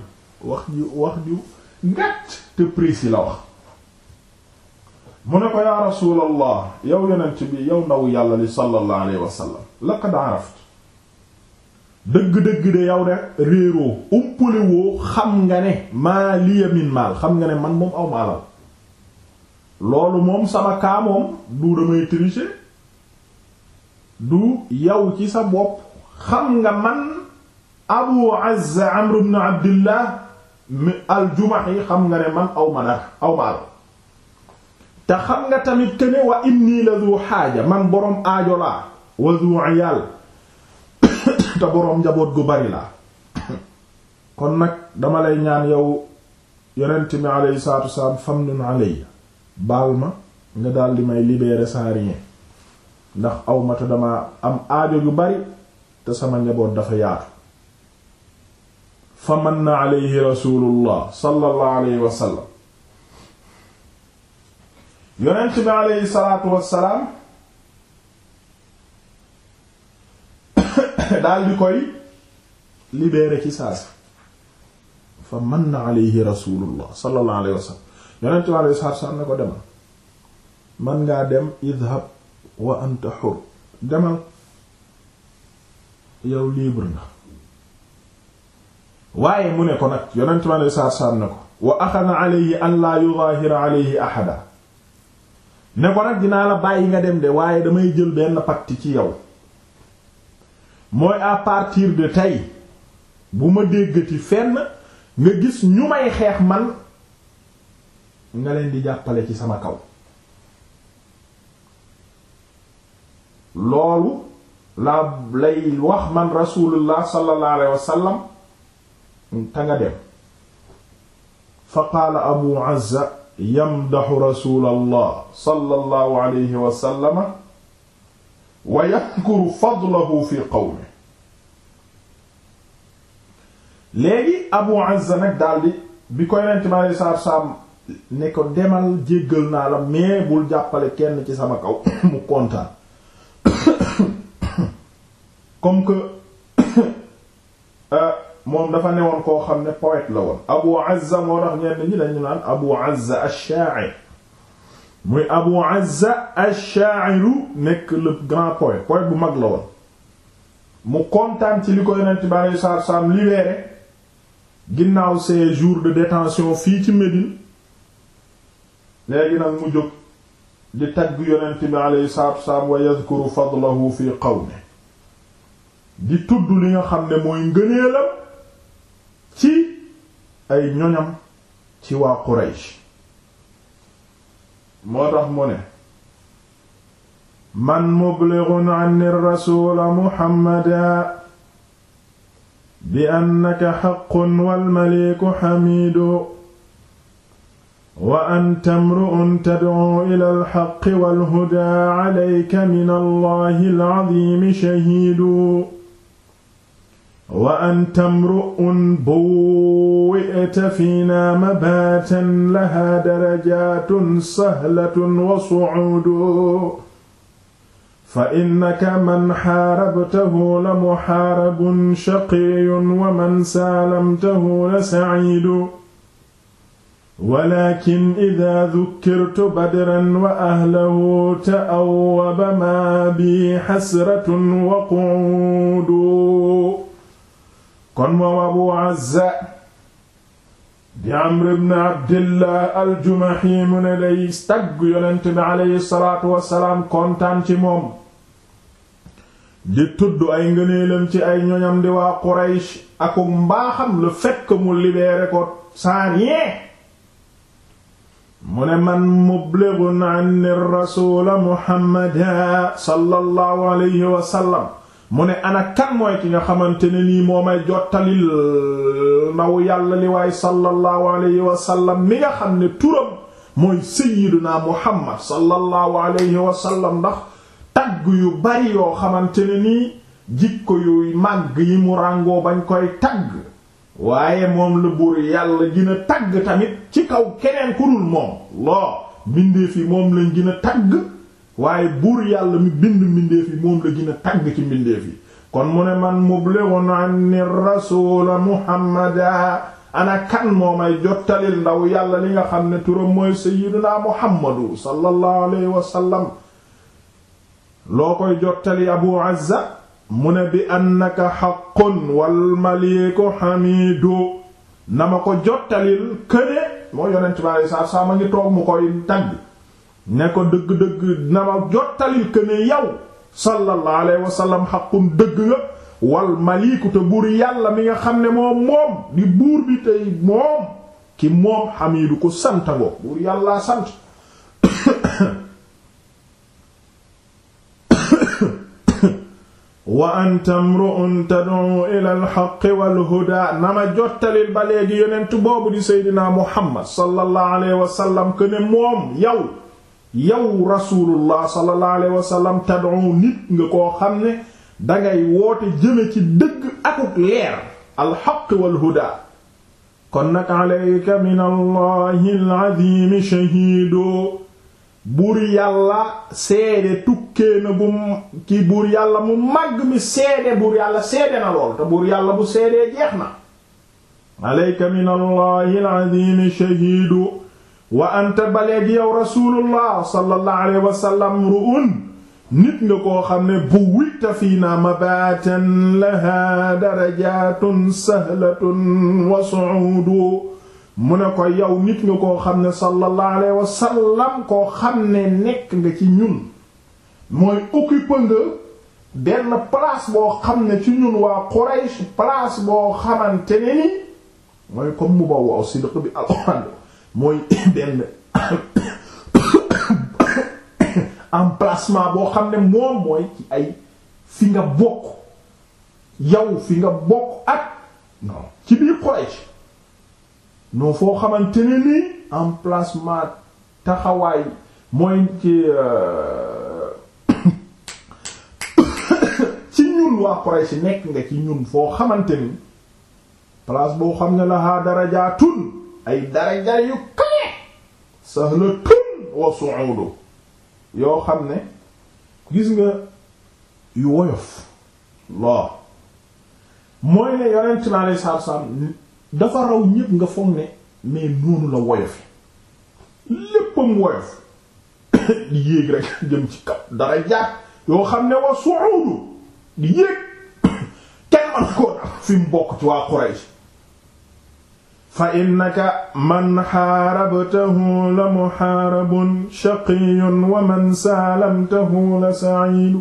S1: wax ju wax ju ngàtt te précis la wax mu ne ko yaa rasulallah yow yonent bi yow ndaw yàlla li sallallahu alayhi wa sallam laqad araft dëgg-dëgg de yow de réeroo umpalewoo xam nga ne maa maal xam nga ne man moom aw ma alal loolu moom sama kaa moom du damay tricher du yow ci sa bopp xam nga man abu azza amr ibn abdillah aljumax yi xam nga ne man aw ma dara aw te xam nga tamit ke ne wa la zu xaaja man boroom aajo laa wa zu iyaal te boroom njaboot gu bari laa kon nag dama lay ñaan yow yonent mi alayhi salaatu wasalaam famnun alayya baal ma nga daal di may libérer sans rien ndax aw ma te dama am aajo yu bari te sama njaboot dafa yaatu fa manna alayhi rasulullah sallallahu alayhi wa sallam yonent bi alayhi salaatu wassalaam daal di koy libéré ci saasi fa manna alayhi rasulullah sallallahu alayhi wa sallam yonent bi alayhi salaatu wassalaam ne ko demal man ngaa dem idhab wa anta hur demal yow libre na waaye mu ne ko nag yonent mi alei saatu salaam ne ko wa axada alayhi an laa yudaahira alayhi ahada ne ko nag dinaa la bàyyi nga dem de waaye damay jël benn pacte ci yow mooy à partir de tey bu ma déggati fenn nga gis ñu may xeex man nga leen di jàppale ci sama kaw loolu la lay wax man rasulullah sallallahu alayhi wasallam ta nga dem fa qaala abu azza yamdaxu rasulallah sallallahu alayhi wa wa yadkuru fadlahu fi qawmi léegi abu azza nag daldi bi koy nent ma saar saam ne ko demal jéggal naa la mais bul jàppale kenn ci sama kaw mu kontaan comme que euh, moom dafa newoon koo xam ne poète la woon Abu Azza moo tax ñenn ñi dañu naan Abu Azza ash-sha'ir muy Abu Azza ash-sha'iru nekk le grand poète poète bu mag la woon mu kontaan ci li ko yonent bi alei saatu salaam libéré ginnaaw ces jours de détention fii ci Médine léegi nag mu jóg di tagg yonent bi aleyhi salatu wasalaam wa yadhkuru fadlahu fi qawmi di tudd li nga xam ne mooy ngëneelam ci ay ñoñam ci waa Quraysh moo tax mu ne man mublighun an rasula muhammada bi annaka haqqun wal maliku hamidu wa anta imru'un tad'u ila al haqqi wal huda alayka min allahi al azimi shahidu wa anta mru'un buwi'ta fiina mabaatan lahaa darajatun sahlatun wa su'udu fa innaka man xaarabtahu la muxaarabun shaqiyun wa man saalamtahu la sa'iidu walaakin idaa dukkirtu badran wa ahlahu ta'awwaba maa bi xasratun wa qu'uudu kon moom abu azza di amr ibn abdillah aljumahi mu ne day tagg yonent bi aleyhi salaatu wasalaam kontaan ci moom di tudd ay ngëneelam ci ay ñoñam di waa quraysh aku mbaaxam le fait mu libéré ko sans rien mu ne man mublighun an rasula muhammadan sallallahu alayhi wa sallam mu ne ana kan mooy nga xamante ne nii moo may jottalil euh, ndaw yàlla li waaye sallallahu alayhi wa sallam mi nga xam ne turam mooy sayyiduna muhammad sallallahu alayhi wa sallam ndax tagg yu bari yoo xamante ne nii jikko yu màgg yi mu ràngoo bañ koy tàgg waaye moom la buur yàlla gën tàgg tamit ci kaw keneen ku moom loo bindee fi moom lañ gën a waaye buur yàlla mi bind mbindeef yi moom la gën a ci mbindeef yi kon mu ne man mublighun anni rasula muhammada ana kan moo may jottalil ndaw yàlla li nga xam ne turam mooy sayyiduna muhammadu sallallahu alayhi wa sallam loo koy jottali abu azza mu ne bi annaka haqqun wal hamidu na ma ko jottalil këne moo yonent bi alei satu salaam ngi toog mu koy tagg ne ko dëgg-dëgg na ma jottalil que ne yow wa sallam xaqun dëgg nga wal maliku buur yàlla mi nga xam ne moom moom di buur bi tey moom ki moom xamidu ko sant ngoo buur yàllaa sant wa anta mru'un tad'u ila al-haqqi wal-huda na ma jottalil ba léegi yonent boobu di seydinaa muhammad sallallahu alayhi wa sallam que ne moom yow yow rasulullah sallallahu alayhi wa sallam tad'u nit nga koo xam ne dangay woote jëme ci dëkk akuk leer alxaq walhuda kon nag alayka min allahi alazimi shahiidoo buur yàlla seede tukkee na bu ki buur yàlla mu màgg mi seede buur yàlla seede na lool te buur yàlla bu seedee jeex na wa anta baleegi yow rasulullah sallallahu alayhi wa ru'un nit nga koo xam ne bu witta fiina mabatan laha darajatun sahlatun wa su'udu mu ne ko yow nit nga koo xam ne sallallahu alayhi wa sallam koo xam ne nekk nga ci ñun mooy occupé nga benn place boo xam ne ci ñun waa Quraysh place boo xamante ne ni mooy comme mu ba waaw bi alxuraan mooy benn emplacement boo xam ne moom mooy ci ay fi nga bokk yow fi nga bokk ak non ci biir Quraysh non foo xamante ne nii emplacement taxawaay mooy ci euh, ci ñun waa Quraysh nekk nga ci ñun foo xamante ni place boo xam ne lahaa darajaatun ay daraja yu kawe sahlatun wa su'udu yoo xam ne gis nga yu woyof loo mooy ne yonent mi aleyhi salaatu salaam dafa raw ñépp nga foog ne mais noonu la woyof léppam woyof di yéeg rek jëm ci kaw darajaat yoo xam ne wa su'udu di yéeg kenn man koo fi mu bokk ci waa Quraysh fa innaka man xaarabtahu la muxaarabun shaqiyun wa man saalamtahu la sa'iidu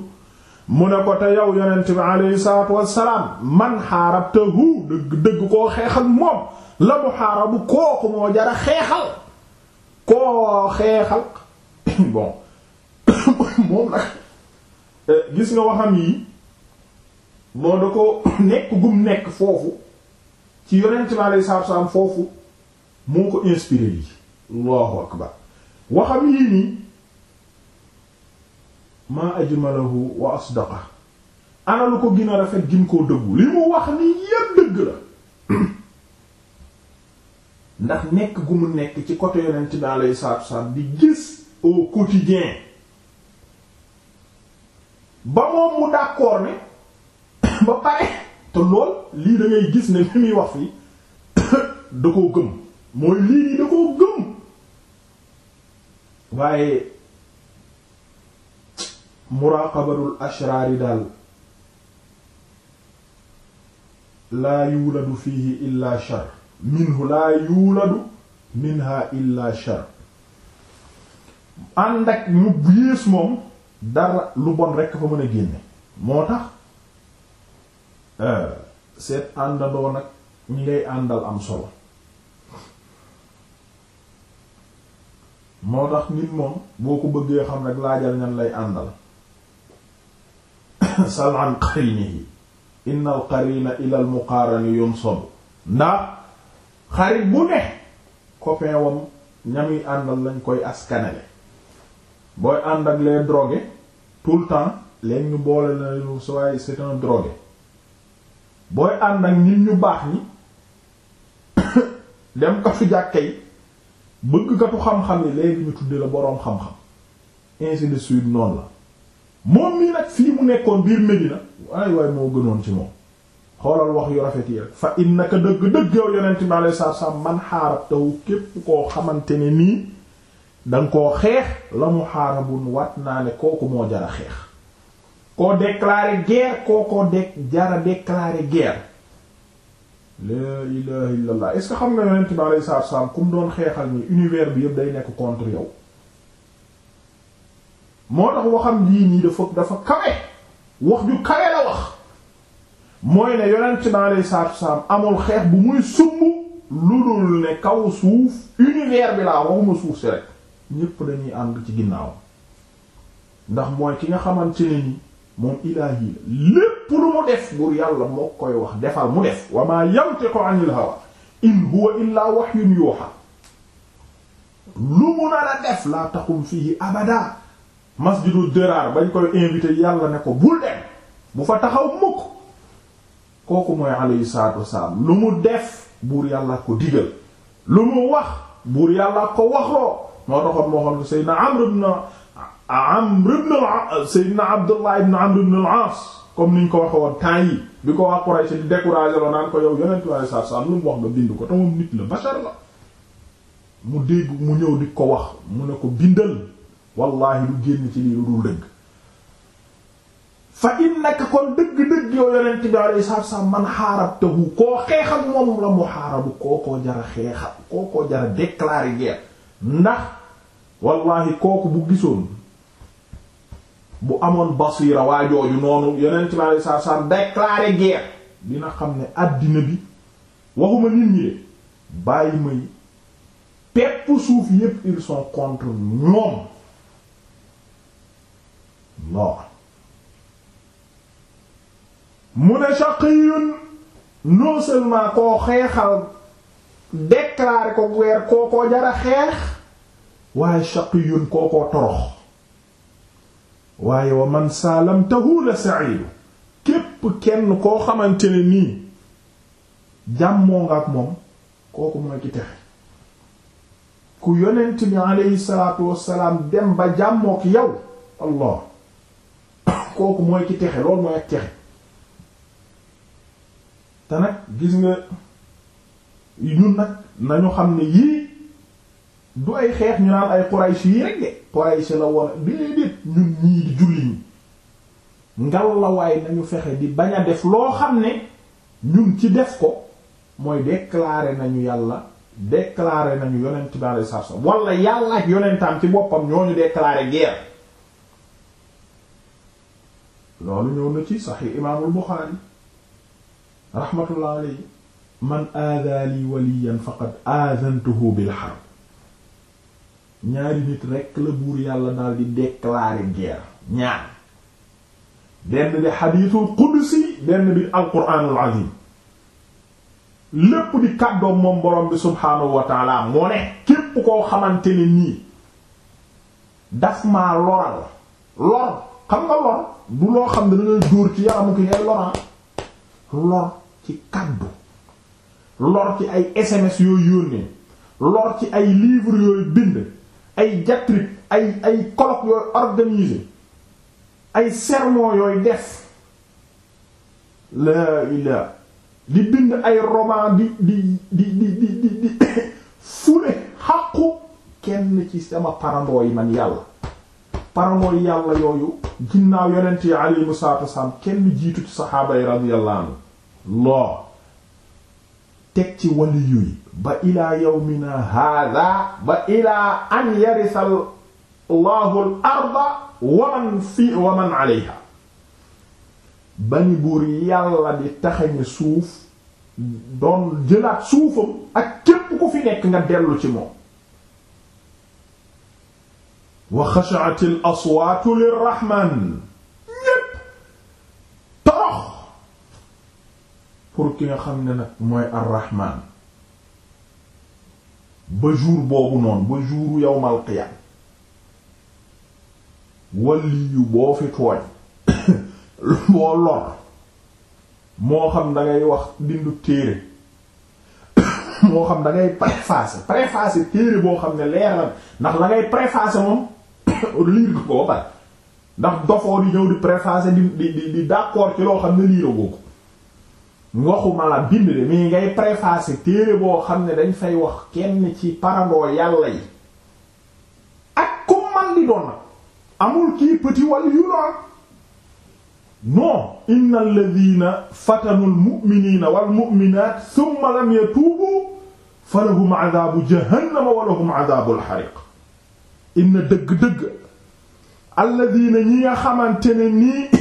S1: mu ne ko te yow yonent bi aleyhi salaatu wassalaam man xaarabtahu dëgg dëgg koo xeexal moom la muxaarabu kooku moo jara xeexal koo xeexal bon moom nag eh, gis nga waxam yi moo da ko nekk gum nekk foofu ci yonent bi aleyhi salaatu salaam foofu moo ko inspiré yi allahu akbar waxam yii nii maa ajmalahu wa asdaqa ana lu ko gën rafet gin koo dëggu li mu wax ni yépp dëgg la ndax nekk gu mu nekk ci côté yonent bi aleyhi salaatu salaam bi gis au quotidien ba moom mu d'accord ne ba pare lool lii da gis ne li muy wax fii da koo gëm mooy lii da koo gëm waaye muraqabatul ashraar yi daal laa yuuladu fiihi illa shar minhu laa yuuladu minha illa shar ànd ak mu yées moom dara lu bon rekk fa mën a génne moo tax Eh, seet àndandoo nag ñi ngay àndal am solo moo tax nit moom boo ko bëggee xam rek laajal ñan lay àndal sal an qarinihi inna al qarina ila al muqarani yunsab ndax xarit bu ne copain wam ñamuy àndal lañ koy askanele booy ànd ak les drogués tout le temps leen ñu boole na lu waaye c'est un drogué booy ànd ak nit ñu baax ni dem ka fi yi bëgg katu xam-xam yi léegi ñu tudde la boroom xam-xam ainsi de suite noonu la moom mii nag fii mu nekkoon biir Medina waaye waaye moo gënoon ci moom xoolal wax yu rafet yi rek fa innaka dëgg-dëgg yow yonent bi alayhi salaatu salaam man xaarabtahu képp koo xamante ne nii danga koo xeex la mu xaarabun wat naa ne kooku moo jara xeex koo déclarer guerre koo koo de jara déclarer guerre la ilaha illallah est-ce que xam nga yonent bi alayhi salaatu salaam ku mu doon xeexal ni univers bi yëpp day nekk contre yow moo tax waxam lii nii dafa dafa kawe wax ju kawe la wax mooy ne yonent bi alayhi salaatu salaam amul xeex bu muy sumb lu dul ne kaw suuf univers bi laa waxuma suuf si rek ñépp dañuy ànd ci ginnaaw ndax mooy ki nga xamante ne ni moom ilaahi lépp lu mu def buur yàlla moo koy wax defal mu def wa ma yantiqu anil hawa in huwa illaa wahyun yuha lu mu nar a def laa taqum fihi abada masjidu dëraar bañ koy invité yàlla ne ko bul dem bu fa taxaw mukk kooku mooy alayhi salaatu wassalaam lu mu def buur yàlla ko digal lu mu wax buur yàlla ko waxloo moo taxoon moo xam ne Seydina Amr ibn Amr ibn al Seydina Abdullah ibn Amr ibn al-As comme niñ ko waxe woon temps yi bi ko waa Quraysh di découragé loo naan ko yow yonent bi alayhi salaatu salaam lu mu wax nga bind ko te moom nit la bashar la mu dégg mu ñëw di ko wax mu ne ko bindal wallahi lu génn ci lii lu dul dëgg fa innaka kon dëgg-dëgg yow yonent bi alayhi salaatu salaam man xaarabtahu koo xeexal moom la mu xaarabu kookoo jara xeexal kookoo jara déclarer guerre ndax wallahi kooku bu gisoon bu amoon basiira waa jooju noonu yonent bi alei satu salaam déclarer guerre dina xam ne àddina bi waxuma nit ñi de bàyyi may pepp suuf yépp ils sont contre ñoom non mu ne shaqiyun non seulement koo xeexal déclarer ko guerre kookoo jara xeex waaye shaqiyun kookoo torox waaye wa man saalamtahu la sa'idu képp kenn koo xamante ni nii jàmmoo nga ak moom kooku mooy ki texe ku yonent bi aleyhi salaatu wassalaam dem ba jàmmook yow allah kooku mooy ki texe loolu mooy ak texe te nag gis nga ñun nag nañu xam ne yii du ay xeex ñu naan ay Quraysh yi rek de Quraysh la woon déedéet ñun ñii di julli ñi ngal la waay nañu fexe di bañ a def loo xam ne ñun ci def ko mooy déclarer nañu yàlla déclarer nañu yonent bi alayhi salaatu wasallam yàlla ak yonentam ci boppam ñoo ñu déclarer guerre loolu ñëw na ci sax Imaamul Bukhari rahmatullah alayhi man aadaa li waliyan faqad aadantuhu bil harb ñaari nit rekk la buur yàlla daal di déclarer guerre ñaar benn bi xadiisul qudsi benn bi alquranul azim lépp di kàddoom moom borom bi subhaanahu wa moo ne képp koo xamante ne nii daf maa loral lor xam nga lor du loo xam ne dana dóor ci yaramu ki ngay loran lor ci kàddu lor ci ay SMS yooyu yónnee lor ci ay livres yooyu bind ay diatribe ay ay colloque yooyu organisé ay sermon yooyu def laa ilaa di bind ay roman di di di di fule xàqu kenn ci sama parandoo yi man yàlla parandoo yi yàlla yooyu ginnaaw yonent yi alayhimu salaatu wasalaam kenn jiitu ci saxaaba yi radiyallahu anhu teg ci waliyu yi ba ilaa yawmina hada ba ilaa an yarisa allahu al arda wa man fi wa man aleyha ba ni buur yàlla di taxañe suuf doon jëlaat suufam ak képp ku fi nekk nga dellu ci moom wa xashaat al aswaatu lirrahman pour ki nga xam ne nag mooy arrahman ba jour boobu noonu ba jouru yawmal qiyam wàlli yu boo fi tooñ boo moo xam dangay wax bindu téere moo xam da ngay préfacer préfacer téere boo xam ne leer na ndax la ngay préfacer moom liir ko ba pare ndax dofoo di ñëw di préfacer di di di d'accord ci loo xam ne liiragoo ko waxuma la bind de mi ngay préfacer téere boo xam ne dañ fay wax kenn ci parandoo yàlla yi ak comme man di doon nag amul kii petit wala yu la non inna alladhina fatanu almu'minina walmu'minat thumma lam yatubu falahum adabu jahannama walahum adabu alhariq inna dëgg-dëgg alladhina ñi nga xamante nii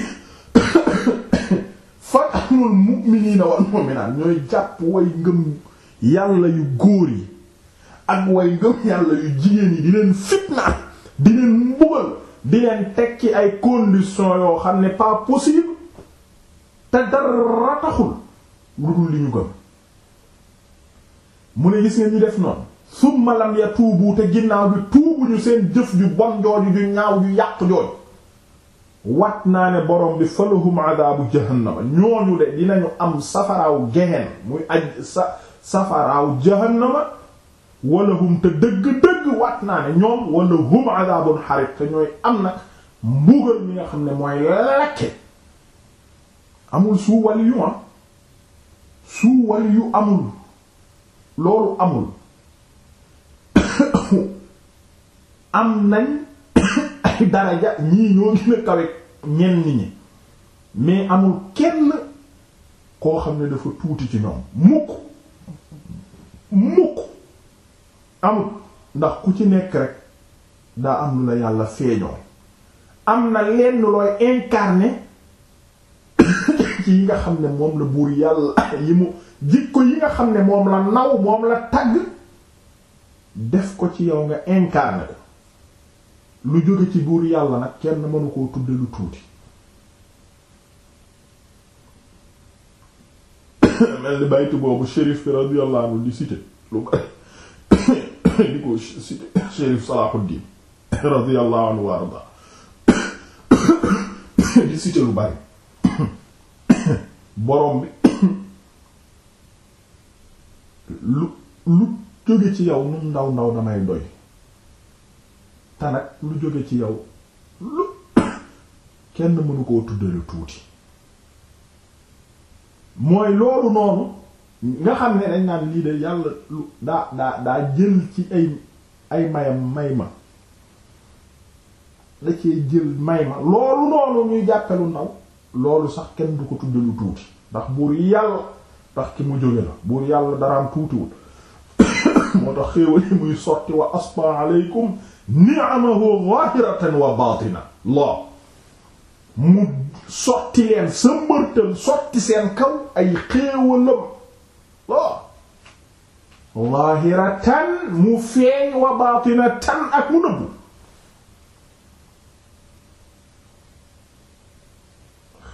S1: fanul mu'minina wal mu'minat ñooy jàpp way ngëm yàlla yu góor yi ak way ngëm yàlla yu jigéen yi di leen fitna di leen mbugal di leen teg ci ay conditions yoo xam ne pas possible te dara taxul lu dul li ñu gëm mu ne gis nga ñu def noonu summa lam ya tuubu te ginnaaw bi tuubuñu seen jëf ju bon jooju ju ñaaw ju yàq jooju wat naa ne borom bi falahum adaabu jahannama ñooñu de dinañu am safaraaw gehen muy aj sa safaraaw jahannama walahum te dëgg-dëgg wat naa ne ñoom walahum adaabun xarit te ñooy am nag mbugal mi nga xam ne mooy lakke amul suu wali yu am ah. suu wali yu amul loolu amul am nañ ay daraja ñii ñoo gën a kawe ñenn ñi mais amul kenn koo xam ne dafa tuuti ci ñoom mukk mukk amul ndax ku ci nekk rek daa am lu la yàlla feeñoo am na lenn looy incarné ci yi nga xam ne moom la buur yàlla yi mu jikko yi nga xam ne moom la naw moom la tagg def ko ci yow nga incarné ko lu jóge ci buur yàlla nag kenn mënu koo tudde lu tuuti mel ni baytu boobu shérif bi radiyallahu anhu di cité lu bari borom bi lu lu jóge ci yow num ndaw ndaw damay doy te nag lu jóge ci yow lu kenn mënu koo tudde lu tuuti mooy loolu noonu nga xam ne dañ naan lii de yàlla lu daa daa daa jël ci ay ay mayam may ma da cee jël may ma loolu noonu ñuy jàppelu ndaw loolu sax kenn du ko tudde tuuti ndax buur yàlla ndax ki mu jóge la buur yàlla daraam tuutiwul moo tax xéewal yi muy sotti wa aspa aleykum ni'amahu zahiratan wa batina loo mu sotti leen sa mbërtal sotti seen kaw ay xéewalam loo zahiratan mu feeñ wa batinatan ak mu nëbbu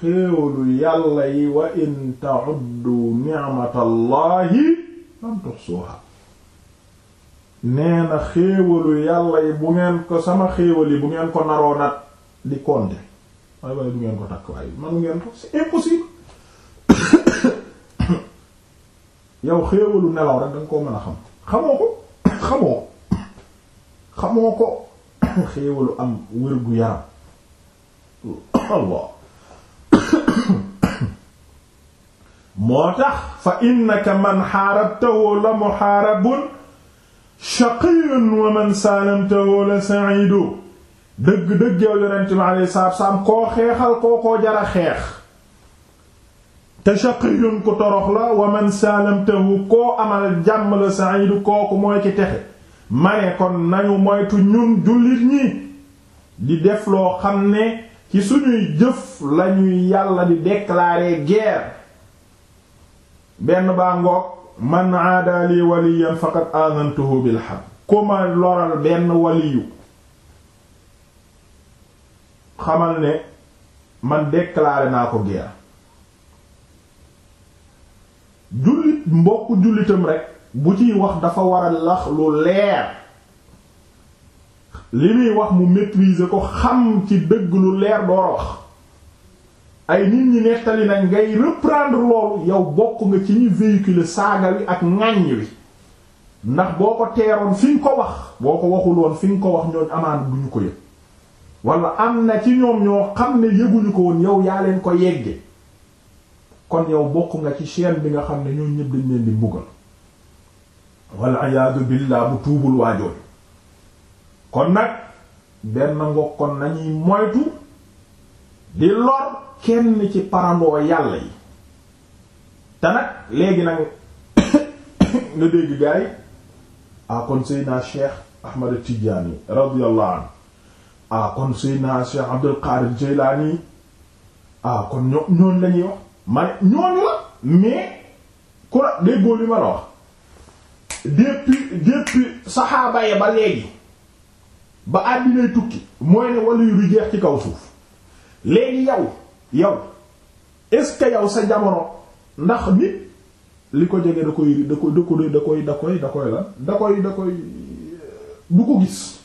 S1: xéewalu yàlla yi wa in ta'uddu ni'matallahi lam tuhsuha nee na xéewalu yàlla yi ko sama xéewal yi bu ngeen ko naroo nag di compter waaye waaye du ko takk waaye manu ngeen ko c'est impossible yow xéewalu nelaw rek danga koo mën a xam xamoo ko xamoo xamoo ko xéewalu am wérgu yaram Allah moo tax fa innaka man xaarabtahu la muxaarabun shaqiyun wa man saalamtahu la sa'idu dëgg dëgg yow yonent bi alayhi salaatu salaam koo xeexal koo koo te shaqiyun ku torox la wa man saalamtahu koo amal jàmm la sa'idu kooku mooy ci texe ma kon nañu moytu ñun jullit ñi di def loo xam ne ci suñuy jëf lañuy yàlla di déclarer guerre benn baa ngoog man aada li waliyan faqad aadantuhu bil harb ku ma loral benn waliyu xamal ne man déclaré naa ko guerre jullit mbokku jullitam rek bu ciy wax dafa war a lax lu leer li muy wax mu maîtriser ko xam ci dëgg lu leer door wax ay nit ñi nettali nañ ngay reprendre loolu yow bokk nga ci ñu véhiculer saaga wi ak ŋàññ wi ndax boo ko teeroon fi nga ko wax boo ko waxul woon fi nga ko wax ñooñ amaan bu ko yëg wala am na ci ñoom ñoo xam ne yëguñu ko woon yow yaa leen ko yegge kon yow bokk nga ci chaîne bi nga xam ne ñoo ñëpp dañ leen di mbugal wala iyaadu billah bu tuubul waajooju kon nag benn ngokkoon nañuy moytu di lor kenn ci parandoo yàlla yi te nag léegi nag nga dégg gaa yi ah kon Seydina Cheikh Ahmad Tidiane radiyallahu anhu ah kon Seydina Cheikh Abdul Qadir Jilani ah kon ñoo ñooñu la wax man ñooñu la mais ku la déggoo li ma la wax depuis depuis saxaaba ya ba léegi ba àddinay tukki mooy ne wala yu du jeex ci kaw suuf. léegi yow yow est yow sa jamono ndax nit li ko jege da koy da koy da koy da koy da koy la da koy da koy euh, du ko gis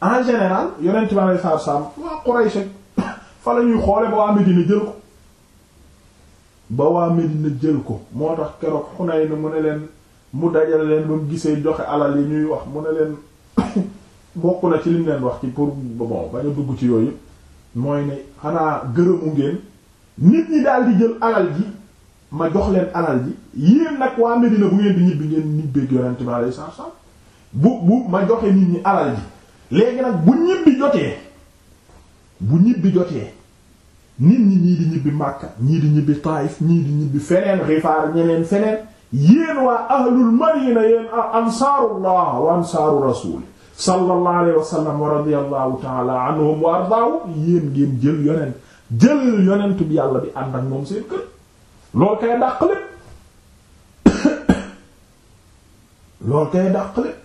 S1: en général yeneen bi alei saatu salaam waa Quraysh la ñuy xoole ba waa Medina jël ko ba waa Medina jël ko moo tax keroog Hunayn mu ne leen mu dajale leen ba gisee joxe alal yi ñuy wax mu ne leen bokk na ci lim leen wax ci pour bon bañ a dugg ci yooyu mooy ne xanaa gërëmu ngeen nit ñi daal di jël alal ji ma jox leen alal ji yéen nag waa Medina bu ngeen di ñibbi ngeen ñibbeeg yonent bi alayhi salaatu salaam bu bu ma joxe nit ñi alal ji léegi nag bu ñibbi jotee bu ñibbi jotee nit ñi ñii di ñibbi Makka ñii di ñibbi Taayif ñii di ñibbi feneen Rifaar ñeneen feneen yéen waa ahlul Madina yéen ansaarullah wa ansaaru rasuul sallallahu alayhi wa sallam wa radiyallahu taala anhum wa ardaahum yéen ngeen jël yonent jël yonent bi yàlla bi ànd ak moom seen kër lool kay dàq lépp lool kay dàq lépp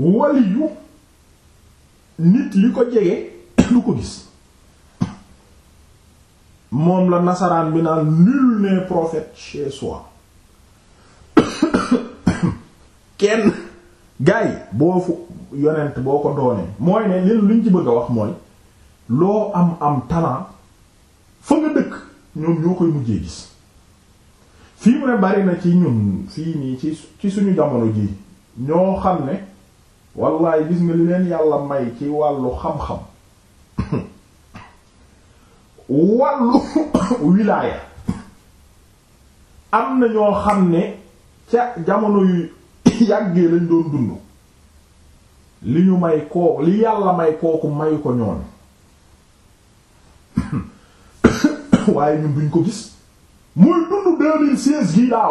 S1: waliyu nit li ko jege lu ko gis moom la nasaraan bi naan nul n'est prophète chez soi kenn gars yi boo fu yonent boo ko doonee mooy ne leen luñ ci bëgg a wax mooy loo am am talent fa nga dëkk ñoom ñoo koy mujjee gis fii mu ne bari na ci ñun fii nii ci ci suñu jamono jii ñoo xam ne wallaay gis nga li yàlla may ci wàllu xam-xam wàllu wilaaya am na ñoo xam ne ca jamono yu yàggee lañ doon dund li ñu may kooku li yàlla may kooku mayu ko ñoon waaye ñun duñ ko gis muy dund 2016 gii daa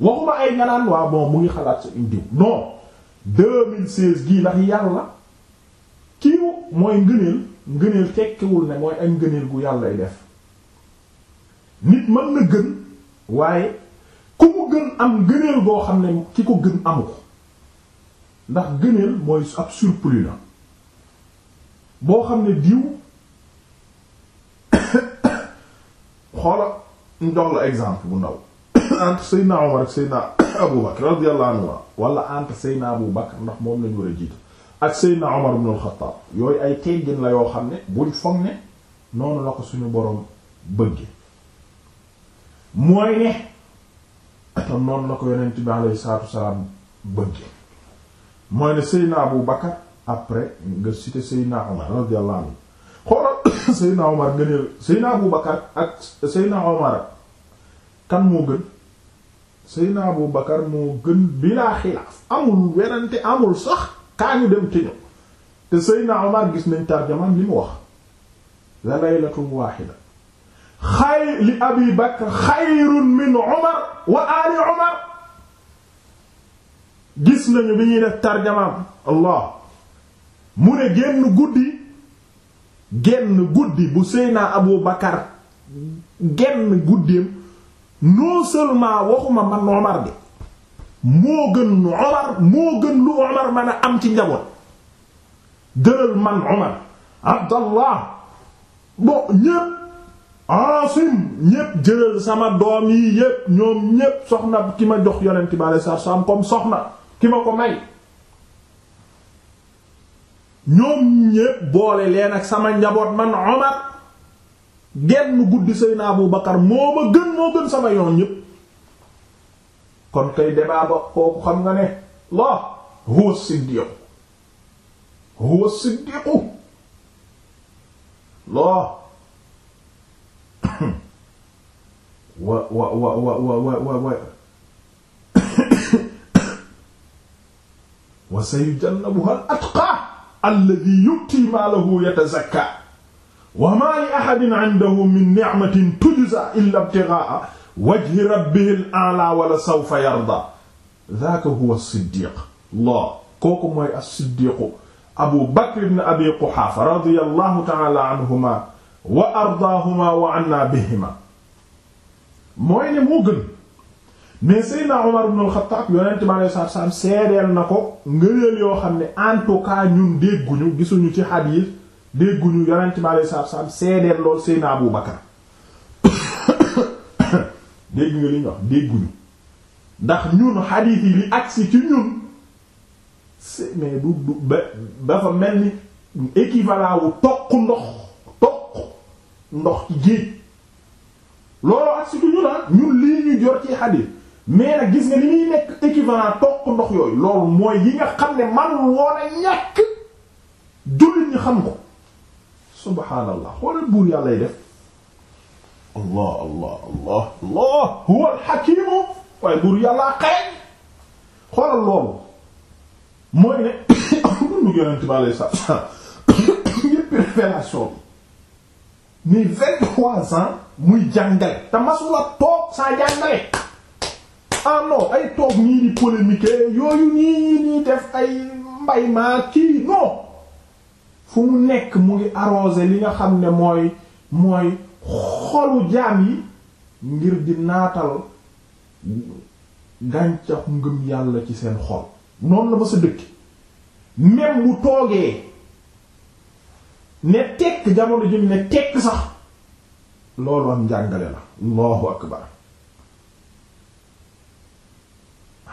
S1: wax waxuma ay nga waa bon mu ngi xalaat sa indiw non 2016 gii ndax yàlla kiiw mooy ngëneel ngëneel tekkiwul ne mooy ay ngëneel gu yàllay def nit mën na gën waaye ku mu gën am ngëneel boo xam ne ki ko gën amu ndax ngëneel mooy ab surplus la boo xam ne diw xoola ndox la exemple bu ndaw entre Seydina Omar ak Seydina Abu Bakr radiyallahu anhu wala entre Seyna Abu Bakr ndax moom lañu war a jiitu ak Seyna Omar ibn al yooyu ay teggin la yoo xam ne buñ foog ne noonu la ko suñu boroom bëgge mooy ne tam noonu Abu Bakr après nga cité Seyna Omar radiyallahu anhu xoolal Seyna Omar gëneel Abu Bakr ak Seyna Omar kan moo gën Seydina Abu Bakar moo gën bilaa xilaaf amul werante amul sax kaa ñu dem ci te Seydina gis nañ tarjamaan li mu wax la ne génn guddi génn guddi bu Seydina Abu Bakar génn guddeem non seulement waxuma man Omar bi moo gën Omar moo gën lu Omar mën a am ci njaboot gënal man Omar Abdallah bon ñépp Asim ñépp jëlal sama doom yi yépp ñoom ñépp soxna ki ma jox yonent bi alei salaam comme soxna ki ma ko may ñoom ñépp boole leen ak sama njaboot man Omar genn guddi Seydina Abu Bakar moo ma gën moo gën sama yoon ñépp kon kay débat ba kooku xam nga ne la huwa siddiqu huwa siddiqu la wa wa wa wa wa wa wa wa sayujannabuha al-atqa alladhi yu'ti malahu yatazakka wa maa li ahadin indahu min ni'matin tujza illa ibtigha'a wajhi rabbihil a'la wala sawfa yarda dhaaka huwa as-siddiq Allah kooku mooy as-siddiq Abu Bakr ibn Abi Quhaafa radiyallahu ta'ala anhuma wa ardaahuma wa anna bihima mooy ne moo gën mais Seydina Omar ibn al-Khattab yonent bi alayhi salaatu salaam seedeel na ko ngëneel yoo xam ne en tout cas ñun dégguñu gisuñu ci xadiis dégguñu ñu bi aleyhi salaatu salaam seedeel lool Seydina Abu Bakar dégg nga li ñu wax dégguñu ndax ñun xadiis yi li agsi ci ñun mais du du ba dafa mel ni équivalent wu toq ndox toq ndox ci géej looloo agsi ci ñun ah ñun lii ñu jor ci xadiis mais nag gis nga li ñuy nekk équivalent toq ndox yooyu loolu mooy yi nga xam ne man woon a ñàkk jullit ñi xam ko subhaanallah xoolal buur yàllay def allah allah allah allah huwa alxakimu waaye buur yàllaa xare xoolal loolu mooy ne dundu yonent bi alei satu salam yépp révélation bi mais vingt-trois muy jàngale te masula toog saa jàngale ah ay toog ñii di polémique yooyu ñii ñii def ay mbay maa kii fu mu nekk mu ngi arrosé li nga xam ne mooy mooy xolu jaam yi ngir di naatal gàncaxu ngëm yàlla ci seen xol noonu la ma sa dëkk même bu toogee ne tekk jamono jëm ne tekk sax loolu am njàngale la allahu akbar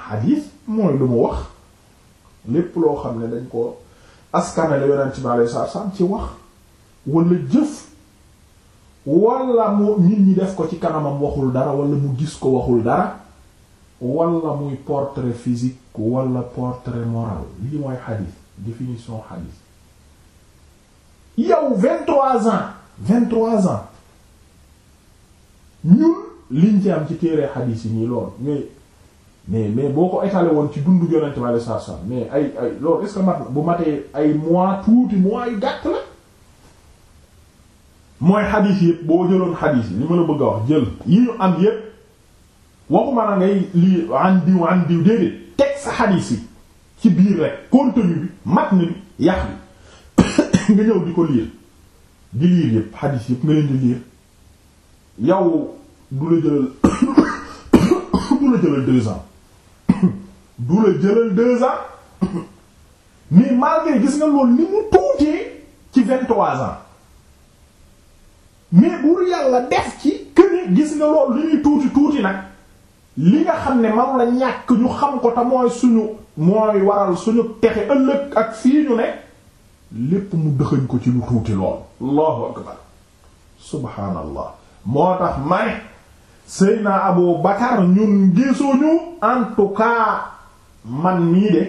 S1: xadiis mooy lu mu wax lépp loo xam ne dañ ko askanale yonent bi alayhi salaatu salaam ci wax wala jëf wala mu nit ñi def ko ci kanamam waxul dara wala mu gis ko waxul dara wala muy portrait physique wala portrait moral lii mooy xadiis définition xadiis yow vingt-trois ans vingt-trois ans ñun liñ ci am ci téere xadiis yi nii loolu mais mais boo ko étalé woon ci dundu yonent ma la saa saa mais ay ay loolu est-ce que mat bu matee ay mois tuuti mois yu gàtt la mooy xadiis yëpp boo jëloon xadiis yi li ma la bëgg a wax jël yi ñu am yëpp waxuma na ngay lii an diw an diw déedéet teg sa xadiis yi ci biir rek contenu bi mat na bi yàq bi nga ñëw di ko liir di liir yëpp xadiis yëpp nga leen di liir yow du la jëlal du la jëlal deux ans du la jëlal deux ans mais gis nga loolu ni mu tuutee ci vingt-trois ans mais buur yàlla def ci këni gis nga loolu li ñuy tuuti tuuti nag li nga xam ne man la ñàkk ñu xam ko te mooy suñu mooy waral suñu texe ëllëg ak fii ñu ne lépp mu dëxëñ ko ci lu tuuti lool allahu akbar subhaanallah moo tax ma ne Seydina Abu Bakar ñun gisuñu en tout cas man mii de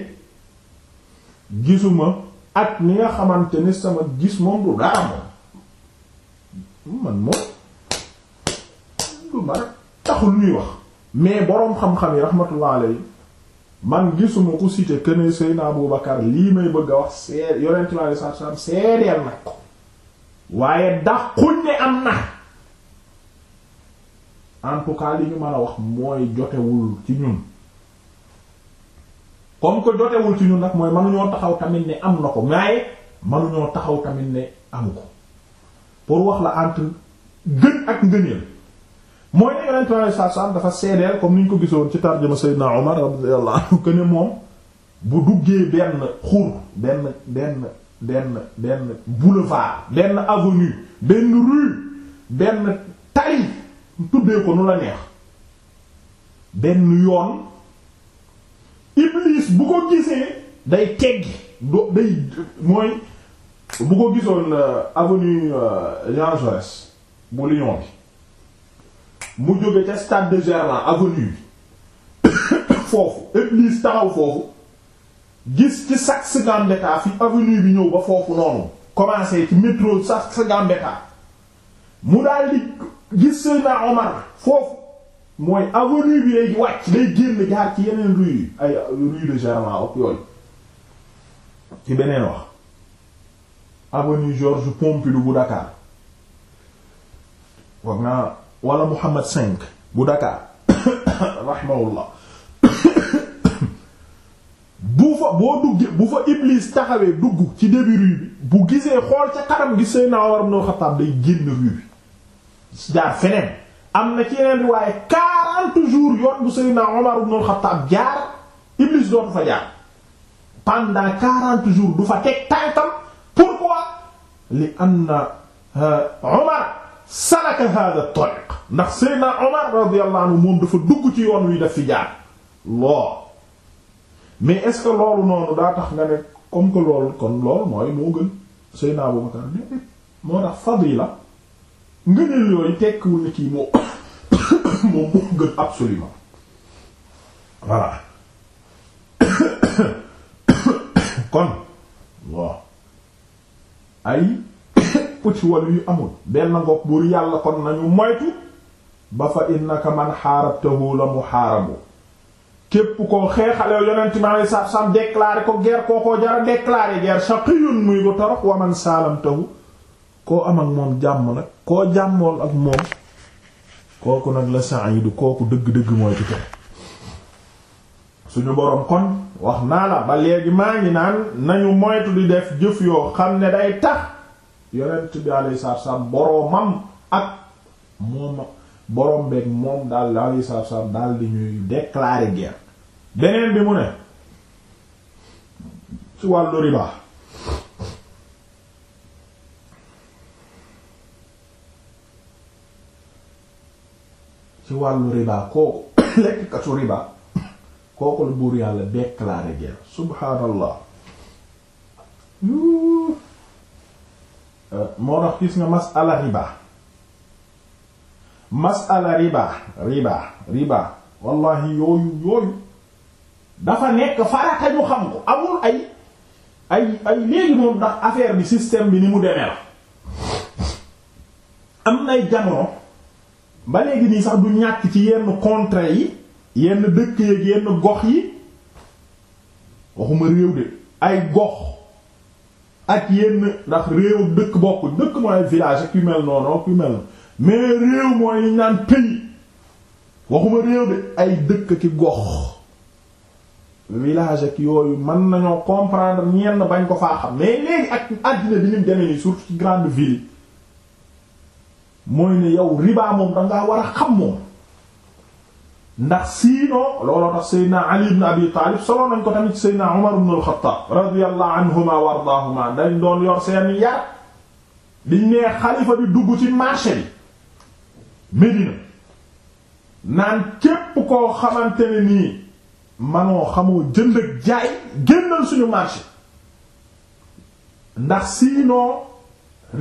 S1: gisuma ak ni nga xamante ni sama gis moom du dara moom man moom du ma rek taxul ñuy wax mais boroom xam-xam yi rahmatullah alayhi man gisuma ku cité que ne Seyna Aboubacar lii may bëgg a wax seed yonent bi alei satu selam waaye dàquñ ne am na en li ñu mën a wax mooy jotewul ci ñun comme que jotewul ci ñun nag mooy mënuñoo taxaw tamit ne am na ko maaye mënuñoo taxaw tamit ne amu ko pour wax la entre gën ak ngëneel mooy ne yonent bi saa dafa seedeel comme ni ñu ko gisoon ci tarjuma Seydina Omar radiyallahu anhu que ne moom bu duggee benn xur benn benn benn benn boulevard benn avenue benn rue benn tali tuddee ko nu la neex benn yoon. iblis bu ko gisee day teggi do day mooy bu ko gisoon euh, avenue euh, Jean Jaurès bu Lyon bi mu jóge ca stade de Gerland avenue bi foofu iblis taxaw foofu gis ci Saxe-Gambetta fi avenue bi ñëw ba foofu noonu commencé ci métro Saxe-Gambetta mu daal di gis Seydina Omar foofu mooy avenue bi lay wàcc day génn jaar ci yeneen rue ay rue de Germain ak yooyu ci beneen wax avenue Georges Pompidou bu Dakar wax naa bu Dakar rahimahullah bu fa boo duggee bu fa Iblis taxawee dugg ci début rue bi bu gisee xool ca kanam gi Seydina Omar ibn Khattab day génn rue bi jaar feneen am na ci yeneen riwaaye quarante jours yoon bu Seydina Omar ibn al-Khattab jaar Iblis doon fa jaar pendant quarante jours du fa teg tànkam pourquoi li anna euh, Omar salaka hadha at ndax Seydina Omar radiyallahu anhu moom dafa dugg ci yoon wi daf fi jaar lool mais est loolu noonu daa tax nga ne comme que loolu kon loolu mooy moo gën Seydina Abubakar moo tax fadila ngëneel yooyu tekkiwul ne kii moo moo gën absolument voilà kon waaw ay pucc wal yu amul benn ngoog buur yàlla kon nañu moytu ba fa innaka man xaarabtahu la mu xaarabu képp koo xeexalew yonent mi alei satu selaam déclaré ko guerre kookoo jara déclaré guerre shaqiyun muy bu torox waman saalamtahu koo am ak moom jàmm nag koo jàmmool ak moom kooku nag la sa'idu kooku dëgg-dëgg mooy ci suñu boroom kon wax naa la ba léegi maa ngi naan nañu moytu di def jëf yoo xam ne day tax yonent bi alayhi salaatu salaam boroomam ak moom boroom beeg moom daal alayhi salaatu salaam daal di ñuy déclarer guerre beneen bi mu ne ci wàllu riba ci wàllu riba kooku lekkatu riba kooku la buur yàlla déclaré guerre subhaanallah euh, moo tax gis nga masala riba masala riba riba riba wallahi yooyu yooyu dafa nekk farata ñu xam ko amul ay ay ay léegi moom ndax affaire bi système bi ni mu demee la am nay jamono ba léegi nii sax du ñàkk ci yenn contre yi yenn dëkk yeeg yenn gox yi waxuma réew de ay gox ak yenn ndax réew dëkk bokk dëkk mooy village ak yu mel noonu ak yu mel noonu mais réew mooy naan pays waxuma réew de ay dëkk ki gox village ak yooyu mën nañoo comprendre ñenn bañ ko faa xam mais léegi ak àddina bi ñu demee nii surtout ci grande ville mooy ne yow riba moom dangaa war a xam moom ndax siinoo looloo tax seydna ali ibn abi taalib solo nañ ko tamit seydna umar ibn al radiyallahu anhuma wa ardaahuma yor seen yar diñ dugg ci marché bi Medina koo xamante nii manoo xamoo jënd suñu marché ndax siinoo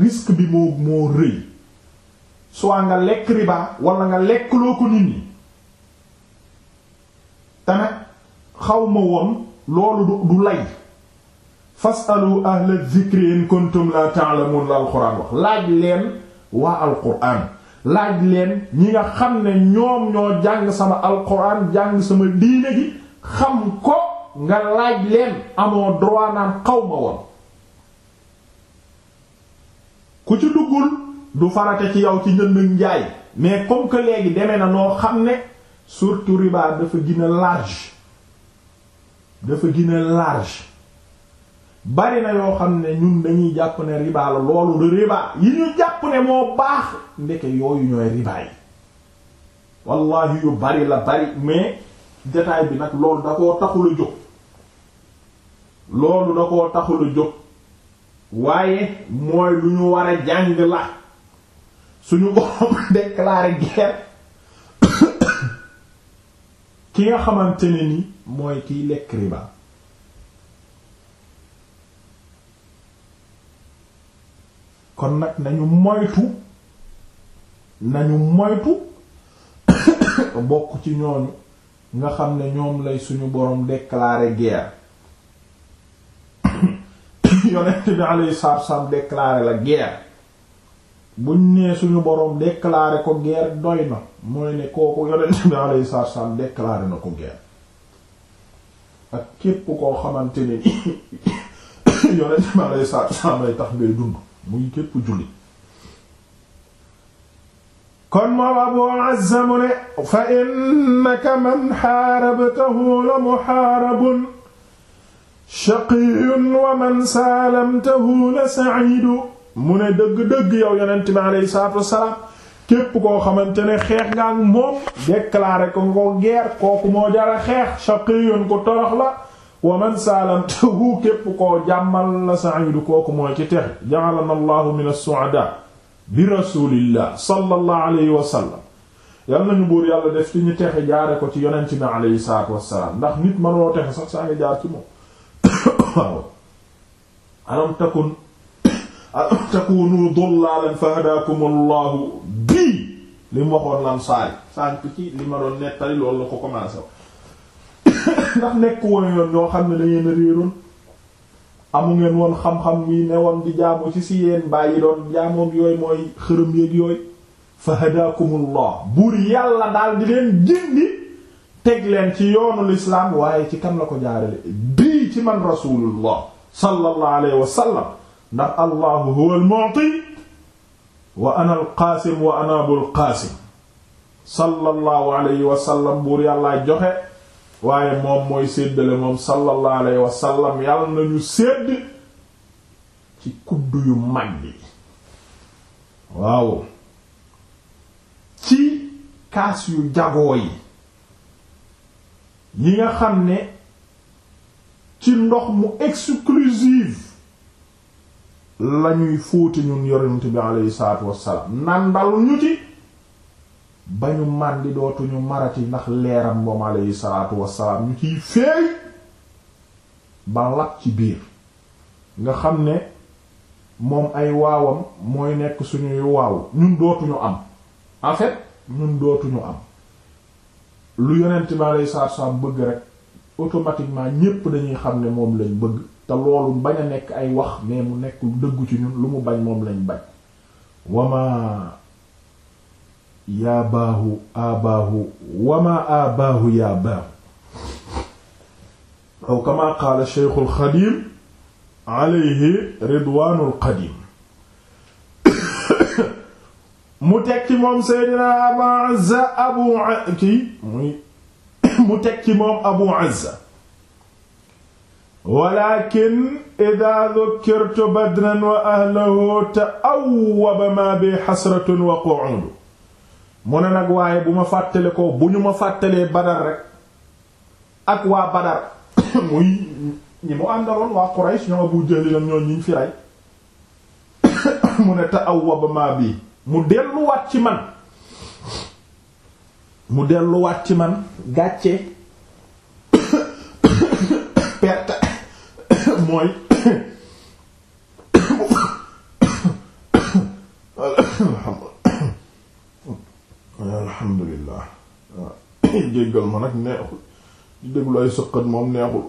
S1: risque bi moo moo rëy soit nga lekk riba wala nga lekk loo ko nit ñi tamit xaw ma woon loolu du lay fasalu ahla dhikri in kuntum la ta'lamun la alquran wax laaj leen waa alquran laaj leen ñi nga xam ne ñoom ñoo jàng sama alquran jàng sama diine gi xam ko nga laaj leen amoo droit xaw ma woon ku ci duggul du farata ci yow ci njënd njaay mais comme que léegi deme na noo xam ne surtout riba dafa gën a large dafa gën large bari na yoo xam ne ñun dañuy jàpp ne riba la loolu du riba yi ñu jàpp ne moo baax ndeke yooyu ñooy riba wallahi yu bari la bari mais détail bi nag loolu da koo taxul a jóg loolu da koo taxul jóg waaye mooy lu ñu war jàng la suñu borom déclaré guerre ki nga xamante ne ni mooy kiy lekk riba kon nag nañu moytu nañu moytu bokk ci ñooñu nga xam ne ñoom lay suñu borom déclaré guerre yonent bi alayhi salaatu wassalaam déclaré la guerre buñ nee suñu boroom déclaré ko guerre doy na mooy ne kooku yonent bi alayhi salaatu salaam na ko guerre ak képp koo xamante ni yonent bi alayhi salaatu salaam tax ngay dund muy képp jullit kon moom Abu Azza mu ne fa innaka man xaarabtahu la muxaarabun shaqiyun wa man saalamtahu la sa'iidun mu ne dëgg-dëgg yow yonent bi aleyhi salaatu wassalaam képp koo xamante ne xeex nga ak moom rekk ko ko guerre kooku moo jara xeex shaqiyun ko torox la wa man salamtahu képp koo jàmmal la sa'idu kooku mooy ci tex ma allahu min as-su'ada bi rasulillah sallallahu alayhi wa sallam yal nañu buur yàlla def ci ñu texe jaare ko ci yonent bi aleyhi salaatu wassalaam ndax nit mënoo texe sax saa ngi jaar ci moom waaw alam takun an takunu dullaalan fahadaakumullahu bii li mu waxoon lan saari sànq ci li ma doon nettali loolu la ko commencé ndax nekk woon yoon ñoo xam ne dañeen réeroon amu ngeen woon xam-xam wi ne woon di jaamu ci si yéen bàyyi doon jaamoog yooyu mooy xërëm yéeg yooyu fahadaakumullah buur yàlla daal di leen jindi teg leen ci yoonu lislaam waaye ci kan la ko jaarale bii ci man rasulullah sallallahu alayhi wa sallam ndax allahu huwa al wa ana al-qaasim wa ana abul qaasim sallallahu alayhi wa sallam buur yàllaa joxe waaye moom mooy séddale moom sallallahu alayhi wa sallam yàlla nañu sédd ci kuddu yu mag yi waaw ci kaas yu jagoo yi ñi nga xam ne ci ndox mu exclusive lañuy fóoti ñun yonent bi alayhi salaatu wassalaam nandalu ñu ci ba ñu màndi dootuñu marati ndax leeram moom alayhi salaatu wassalaam ñu ciy feey ba lap ci biir nga xam ne moom ay waawam mooy nekk suñuy waaw ñun dootuñu am en fait ñun dootuñu am lu yonent bi alayhi salaatu bëgg rek automatiquement ñépp dañuy xam ne moom lañ bëgg te loolu bañ a nekk ay wax mais mu nekk lu dëggu ci ñun lu mu bañ moom lañ bañ wama yaa baahu abaahu wama abaahu yaa baahu aw kama qaala sheykhul xadim alayhi ridwaanul xadim mu teg ci moom seydina abu azza abu ki mu teg ci moom abu azza walakin ida dukkirtu badran wa ahlahu ta'awwaba ma bi xasratun wa qu'udu mu ne nag waaye bu ma fàttale ko bu ñu ma fàttalee badar rek ak waa badar muy ñi mu àndaloon waa Quraysh ñoo Abu Jahl lam ñoo ñiñ fi rey mu ne ta'awwaba ma bi mu delluwaat ci man mu delluwaat ci man gàcce mooy alhamdulillah waaw jéggal ma nag neexul déglu ay sëqat moom neexul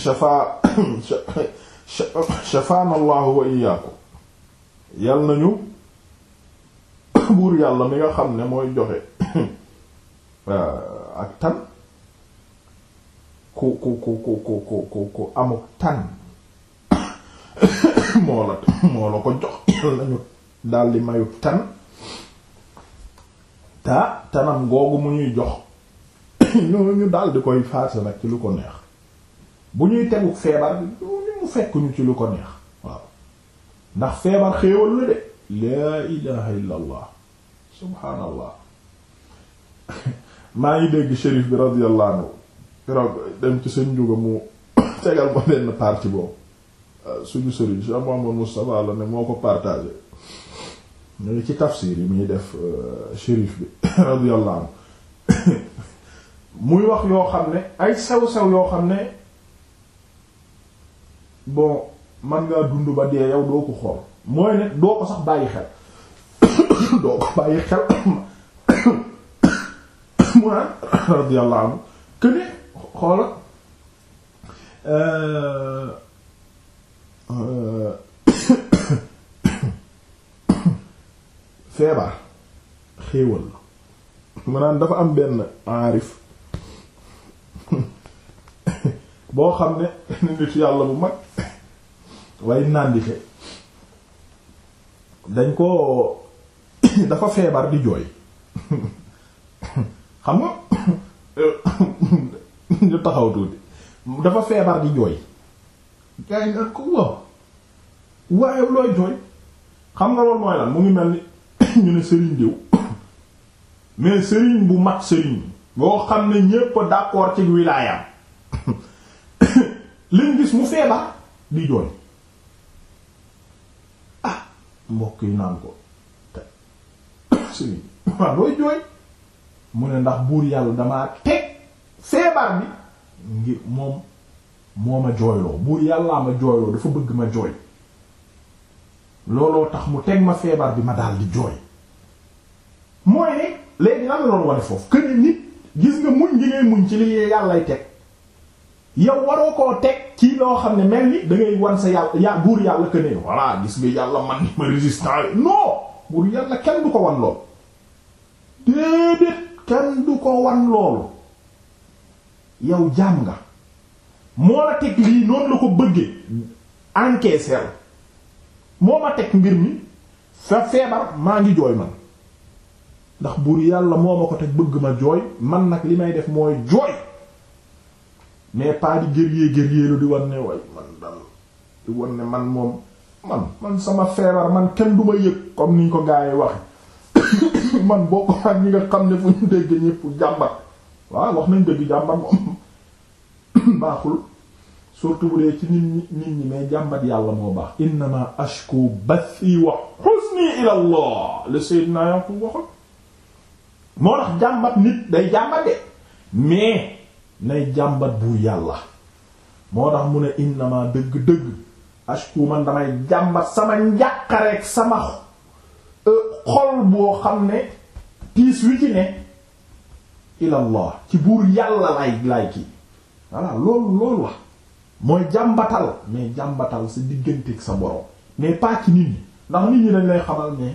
S1: shafa shafaana wa iyaakum yal nañu buur yàlla mi nga xam ne mooy joxe ak tan ku ku ku ku ku ku amuk tan moo la moo la ko jox lañu daldi mayuk tan ta tanam googu mu ñuy jox ñoo ñu daldi koy faase nag ci lu ko neex bu ñuy teguk feebar bi ñu fekk ñu ci lu ko neex waaw ndax feebar xéewal la de laa ilaha illa allah maa ngi dégg shérif bi radiyallahu anhu keroog dem ci sëñ Njuga mu tegal ma benn partie boobu euh, suñu sëriñ si Muhammad Mustafa la ne moo ko partagé ñu ci tafsir yi muy def euh, shérif bi radiyallahu anhu muy wax yoo xam ne ay sew-sew yoo xam ne bon man ngaa dund ba dee yow doo ko xool mooy ne doo ko sax bàyyi xel doo ko bàyyi xel mu naan radiyallahu anhu que xoola euh, euh, feebar xéewal la maanaam dafa am benn aarif boo xam ne nit yàlla bu mag waaye nàndite dañ ko dafa feebar di jooy xam euh, ñu taxaw tuuti dafa feebar di jooy gaa yi ko waaw waaye looy jooy xam nga loolu mooy lan mu ngi mel ni ñu ne sëriñ diw mais sëriñ bu mag sëriñ boo xam ne ñépp d'accord ci wilaayam liñ gis mu feebar di jooy ah mbokk yi naan ko sëriñ waaw looy jooy mu ne ndax buur yàlla damaa teg feebar bi ngir moom moo ma jooyloo buur yàllaa ma jooyloo dafa bëgg ma jooy looloo tax mu teg ma feebar bi ma daal di jooy mooy ne léegi lan la doon wane foofu que nit gis nga muñ gi ngay muñ ci li yàllay teg yow waroo koo teg ci loo xam ne mel ni da wan sa yàlla buur yàlla que ne gis nga yàlla man ma résistant non buur yàlla kenn du ko wan lool déedéet kenn du ko wan loolu. yow jaam nga moo la teg lii noonu la ko bëggee encaissé la moo ma teg mbir mi fa feebar maa ngi jooy man ndax buur yàlla moo ma ko teg bëgg ma jooy man nag li may def mooy jooy mais pas di gërëyee gërëyee lu di wan ne way man dal di wan ne man moom man man sama feebar man kenn du ma yëg comme niñ ko gaa yi man boo ko ñi nga xam ne fu ñu dégg ñëpp jàmbat waaw wax nañ dëgg jàmbat moom baaxul surtout bu dee ci nit ñi nit ñi mais jàmbat yàlla moo baax innama ashku bathi wa husni ila allah le sayyidina Yaqub waxoon moo tax jàmbat nit day jàmbat de mais nay jàmbat bu yàlla moo tax mu ne innama dëgg-dëgg ashku man damay jàmbat sama njàqareek sama euh, xol boo xam ne tiis wi ci ne ilallah ci buur yàlla lay lay kii voilà loolu loolu wax mooy jàmbatal mais jàmbatal sa digganteeg sa borom mais pas ci nit ñi ndax nit ñi dañ lay xamal ne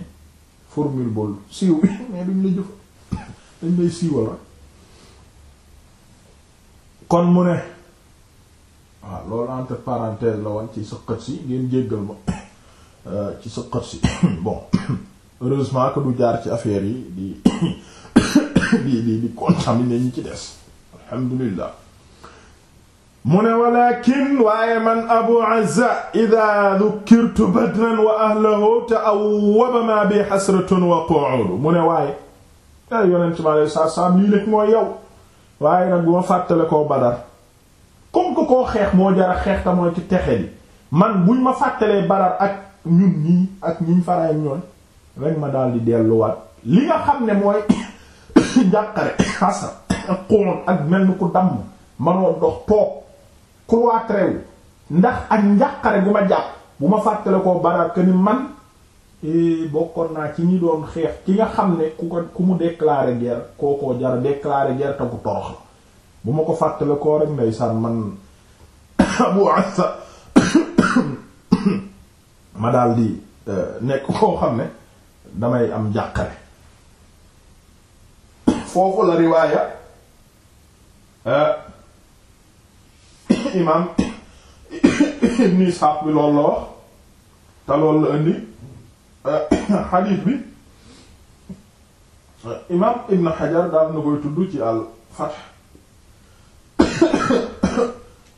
S1: formule siiw mais duñ la jëf dañ lay siiwal rek kon mu ne waaw loolu entre la woon ci sëqat si ngeen jéggal ma euh, ci sëqat si bon heureusement que du jaar ci affaire yi di di di di contaminer ñi ci des alhamdulillah mu ne walakin waaye man abu azza ida dukkirtu badran wa ahlahu ta'awwaba ma bi hasratun wa qu'ud mu ne waaye ay yonent bi alei saatu salaam lii lépp mooy yow waaye nag bu ma fàttale koo badar comme que koo xeex moo jara xeex ta mooy ci texe bi man buñ ma fàttalee badar ak ñun ñii ak ñiñ faraay ñoon rek ma daal di delluwaat li nga xam ne mooy njàqare xasa ak xóon ak mel ni ku damm manoo dox toog cloîtré wu ndax ak njàqare bu ma jàpp bu ma fàttale koo baraat que ni man eh, bokkoon naa ci ñi doon xeex ki nga xam ne ku ko ku mu déclarer guerre kookoo jar déclarer guerre te ku torox la bu ma ko fàttale koo rek ndeysaan man abu asa ma daal di eh, nekk koo xam ne damay am njàqare foofu la riwaaya eh, imaam ibn Isxaaq bi loolu la wax te loolu la indi eh, xadiis bi eh, imaam ibn Hajar daal na koy tudd ci al Fath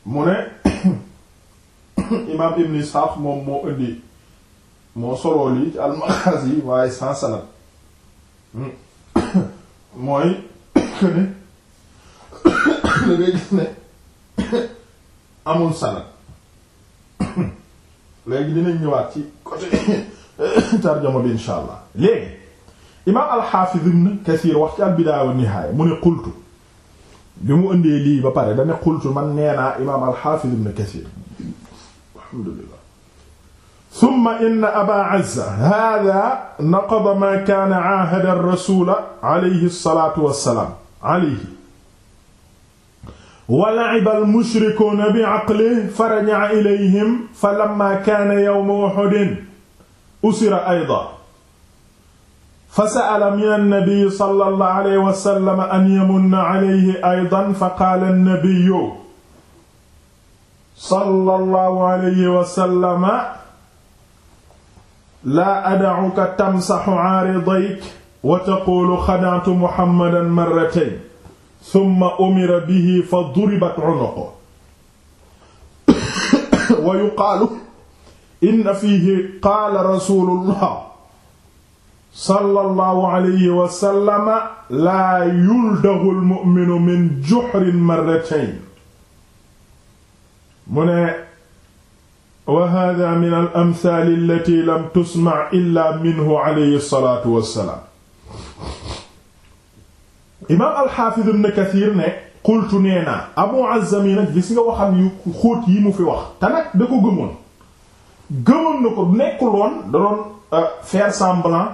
S1: mu ne imaam ibn Isxaaq moom moo indi moo solool yi ci al Maghazi waaye sans sanad hmm. mooy ne da ngay gis ne amul sanad léegi dinañ ñëwaat ci côté tarjama bi insha allah léegi imaam alxaafiz ibn Kasiir wax ci albidaaya wa nihaaya mu ne qultu bi mu ëndee lii ba pare dane qultu man nee imaam alxaafiz ibn Kasiir alhamdulillah summa inna aba azza hada naqada maa kaana aahada rasula alayhi salaatu wassalaam alayhi wa laciba almushrikuuna biaqlihi fa rajaca ilayhim fa lamma kaana yawma uxudin usira aydan fa sa'ala min annabiyi sallallahu alayhi wa sallam an yamunna alayhi aydan fa qaala annabiyyu sallallahu alayhi wa sallam laa ada'uka tamsaxu aaridayk wa taqulu xada'tu muhammadan marratayn summa umira bihi fa duribat unuqu wa yuqaalu inna fiihi qaala rasulullah sallallahu alayhi wa sallama laa yuldaxu almu'minu min juhrin marratayn mu ne wa hada min al amthal allati lam tusma illa minhu alayhi salaatu imaam alxaafid ibn kathir ne qultu nee naa abu azami nag gis nga waxam yu xóot yi mu fi wax te nag ko gëmoon gëmoon na ko nekkul woon da doon euh, faire semblant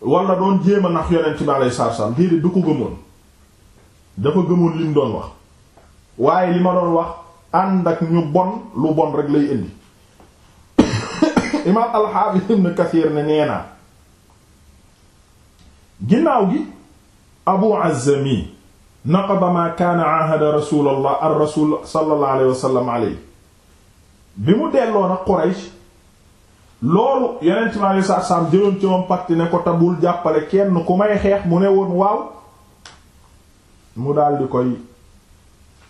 S1: wala doon jéem nax yonent bi alayhi salaatu wassalaam déedéet du ko gëmoon dafa gëmoon li mu doon wax waaye li ma doon wax ànd ak ñu bon lu bon rek lay indi imaam alxaafis ibn kathir ne nee naa ginnaaw gi abu azami naqada maa kaana ahada rasulallah ar rasul sallallahu alayhi wa bi mu delloo nag quraysh loolu yeneen ci maa ngi saa saam jëloon ci moom pacte ne ko tabul jàppale kenn ku may xeex mu ne woon waaw mu daal koy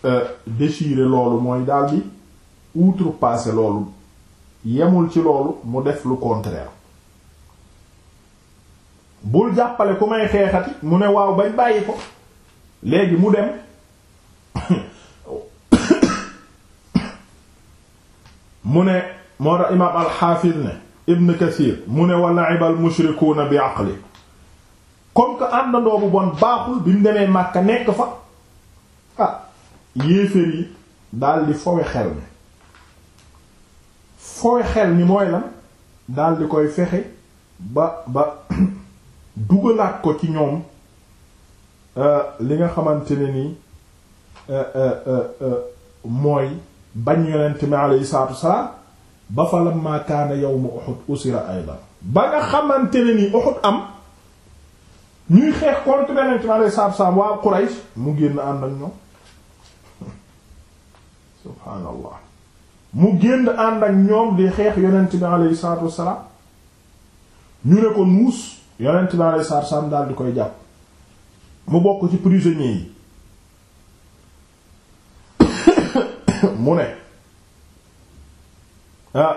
S1: euh, déchirer loolu mooy daal di outrepasser loolu yemul ci loolu mu def lu contraire bul jàppale ku may xeexati mu ne waaw bañ bàyyi ko léegi mu dem mu ne moo tax imaam alxaafis ne ibn Kathir mu ne wa la'iba al mushrikuuna bi aqli comme que àndandoo bu bon baaxul bi mu demee Makka nekk fa ah yéeféer yi daal di fowe xel mi foo xel mi mooy lan daal di koy fexe ba ba dugalaat ko ci ñoom euh, li nga xamante ne ni euh, euh, mooy bañ yonent mi alayhi salaatu wasalaam ba fa lamma kaana yawmu Uhud usira aydan ba nga xamante ne ni am ñuy xeex contre yonent mi alayhi salaatu wasalaam waa Quraysh mu génn ànd ak ñoom subhaanallah mu génn ànd ak ñoom di xeex yonent bi alayhi salaatu wassalaam ñu ne ko nuus yonent bi alayhi salaatu daal di koy jàpp mu bokk ci prisonnier yi mu ne ah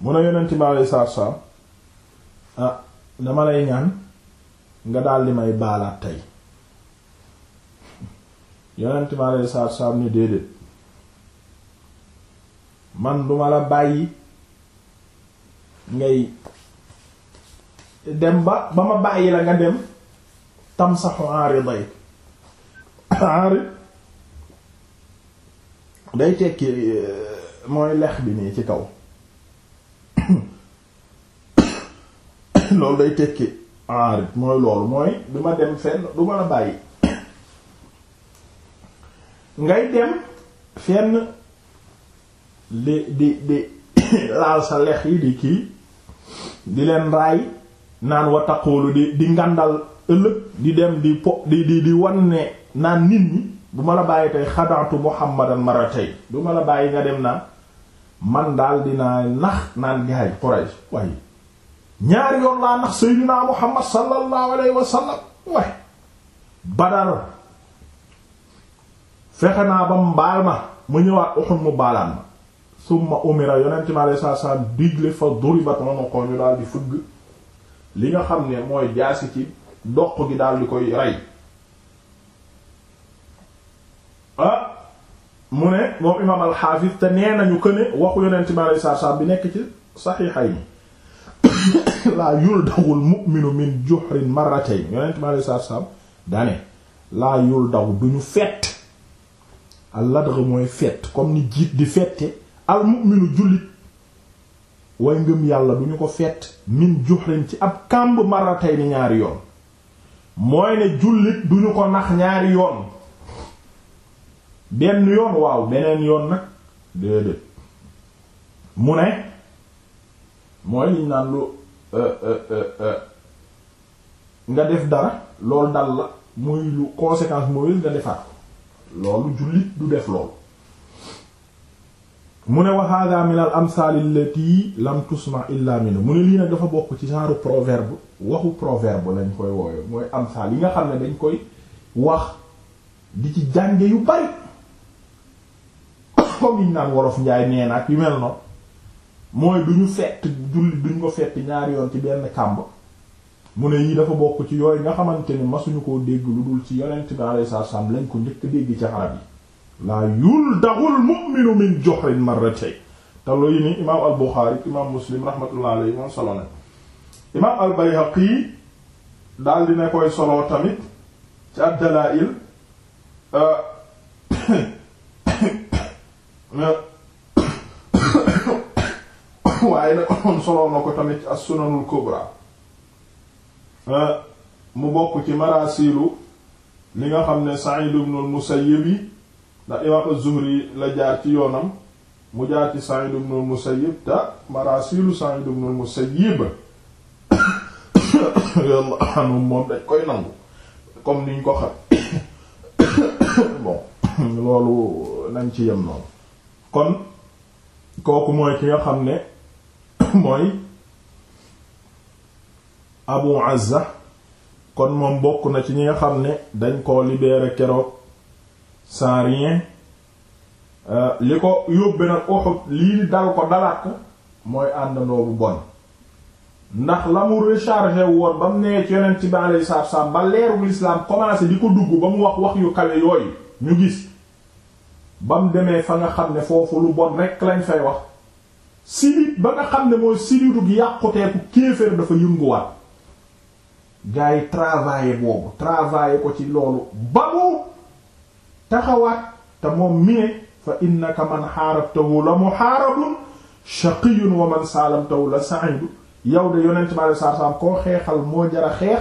S1: mu ne ah, dama lay ñaan nga daal di may baalaat tey yonent bi alayhi salaatu ni déedéet man duma la bàyyi ngay dem ba ba ma bàyyi la nga dem tamsaxu enriday enri day tekki eh, mooy lex bi nii ci kaw loolu day tekki enri mooy loolu mooy duma dem fenn duma la bàyyi ngay dem fenn di di di laal sa lex yi di kii di leen raay naan wa taqoolu di di ngàndal ëllëg di dem di po di di di wan ne naan nit ñi bu ma la bàyyi tey xadaatu muhammadan mara tey du ma la bàyyi nga dem na man daal dinaa nax naan gaay Quraysh waaye ñaari yoon laa nax sayyidina muhammad sallallahu alayhi wa waaye Badar fexe naa ba mu baal ma mu ñëwaat Uhud mu baalaan ma summa umira yonent mi alayhi digle fa duribat unuqu ñu daal di fëgg li nga xam ne mooy jaasi ci doq gi daal di koy rey ah mu ne moom imaam alxaafis te nee nañu këne waxu yonent mi alayhi bi nekk ci saxiixayni laa yuldawul mu'minu min juhrin marratayn yonent mi alayhi salaatu salaam dane laa yuldaw duñu fett al mooy fett comme ni jiit di fette al mu'minu jullit way ngëm yàlla du ñu ko fett min juxrin ci ab kàmb maratay ni ñaari yoon mooy ne jullit du ñu ko nax ñaari yoon benn yoon waaw beneen yoon nag déedéet mu ne mooy liñ naan euh, euh, euh, nga def dara loolu dal la muy lu conséquence mauvaise nga defaat loolu jullit du def loolu mu ne wa hada min al amsal allati lam tusma illa minhu mu ne lii nag dafa bokk ci genre proverbe waxu proverbe lañ koy wooyo mooy amsal yi nga xam ne dañ koy wax di ci jànge yu bari comme ñu naan wolof njaay nee yu mel noonu mooy du ñu fett julli duñ ko fett ñaari yoon ci benn kàmb mu ne yii dafa bokk ci yooyu nga xamante ni masuñu koo dégg lu dul ci yonent bi alayhi salaam lañ ko njëkk dégg ci arab yi laa yuldaxul mu'minu min juhrin marratayn te loolu ni imaam al Buxaari imaam Muslim rahmatullah alayhi moom solo na imaam al Bayhaqi daal di ne koy solo tamit ci ad-Dalaa'il euh, waaye nag moom solo na ko tamit ci as-Sunanul Kubra euh, mu bokk ci maraasilu li nga xam ne Sa'iid ibn al ndax imaam az la jaar ci yoonam mu jaar ci Sa'id ibn al-Musayyib te marasilu Sa'id ibn al-Musayyib anum moom dañ koy nangu comme niñ ko xam bon loolu nañ ci yem noonu kon ki nga xam ne mooy Abu Azza kon moom bokk na ci ñi nga xam ne dañ koo libéré keroog sans rien euh, li ko yóbbe nag Uhud lii dal ko dalaat ko mooy àndandoo bu bon ndax la mu rechargé woon ba mu nee ci yonent bi ba leerul islaam di ko dugg ba mu wax wax yu kawe yooyu ñu gis ba mu demee fa nga xam ne foofu lu bon rek lañ fay wax sidit ba nga xam ne mooy siditu gi yàquteeku kéeféer dafa yënguwaat gars yi travailler boobu travailler ko ci loolu ba mu taxawaat te moom mi ne fa innaka man xaarabtahu la muxaarabun shaqiyun wa man saalamtahu la sa'idu yow de yonent bi alei sat selaam koo xeexal moo jara xeex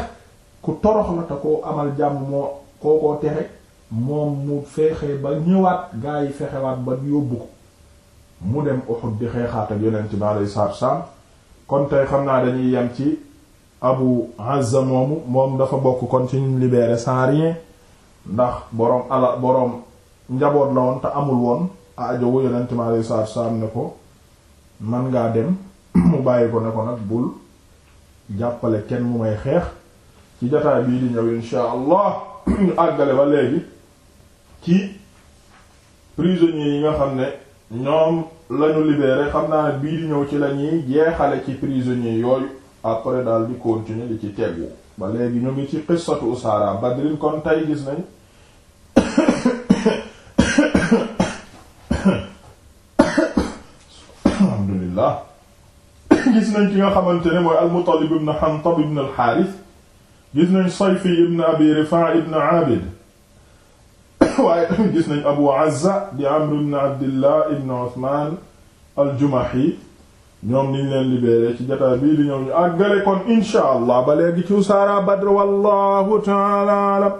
S1: ku torox la te koo amal jàmm moo koo koo texe moom mu fexe ba ñëwaat gaa yi fexewaat ba yóbbu ko mu dem Uhud di xeexaat ak yonent bi alei satu selaam kon tey xam naa dañuy yem ci Abu Azza moomu moom dafa bokk kon ci ñu libéré sans rien ndax boroom ala boroom njaboot la woon te amul woon aajowu yonent mi alayhi salaatu salaam ne ko man ngaa dem mu bàyyi ko ne ko nag bul jàppale kenn mu may xeex ci jotaay bii di ñëw insha allah ñu àggale ba léegi ci prisonniers yi nga xam ne ñoom lañu libéré xam naa bii di ñëw ci lañuy jeexale ci prisonniers yooyu après daal di continuer li ci tegu ba léegi ñu ngi ci qissatu usaara badrin kon tey gis nañ alhamdulillah gis nañ ki nga xamante ne mooy al-Muttalib ibn Hantab ibn al-Harith gis nañ Sayfi ibn Abi Rifa' ibn Abid waaye tamit gis nañ Abu Azza di Amr ibn Abdillah ibn Uthman al-Jumahi ñoom niñ leen libéré ci jotaay bii di ñëw ñu àggale kon insha allah ba léegi ci usaara Badr wallahu ta'ala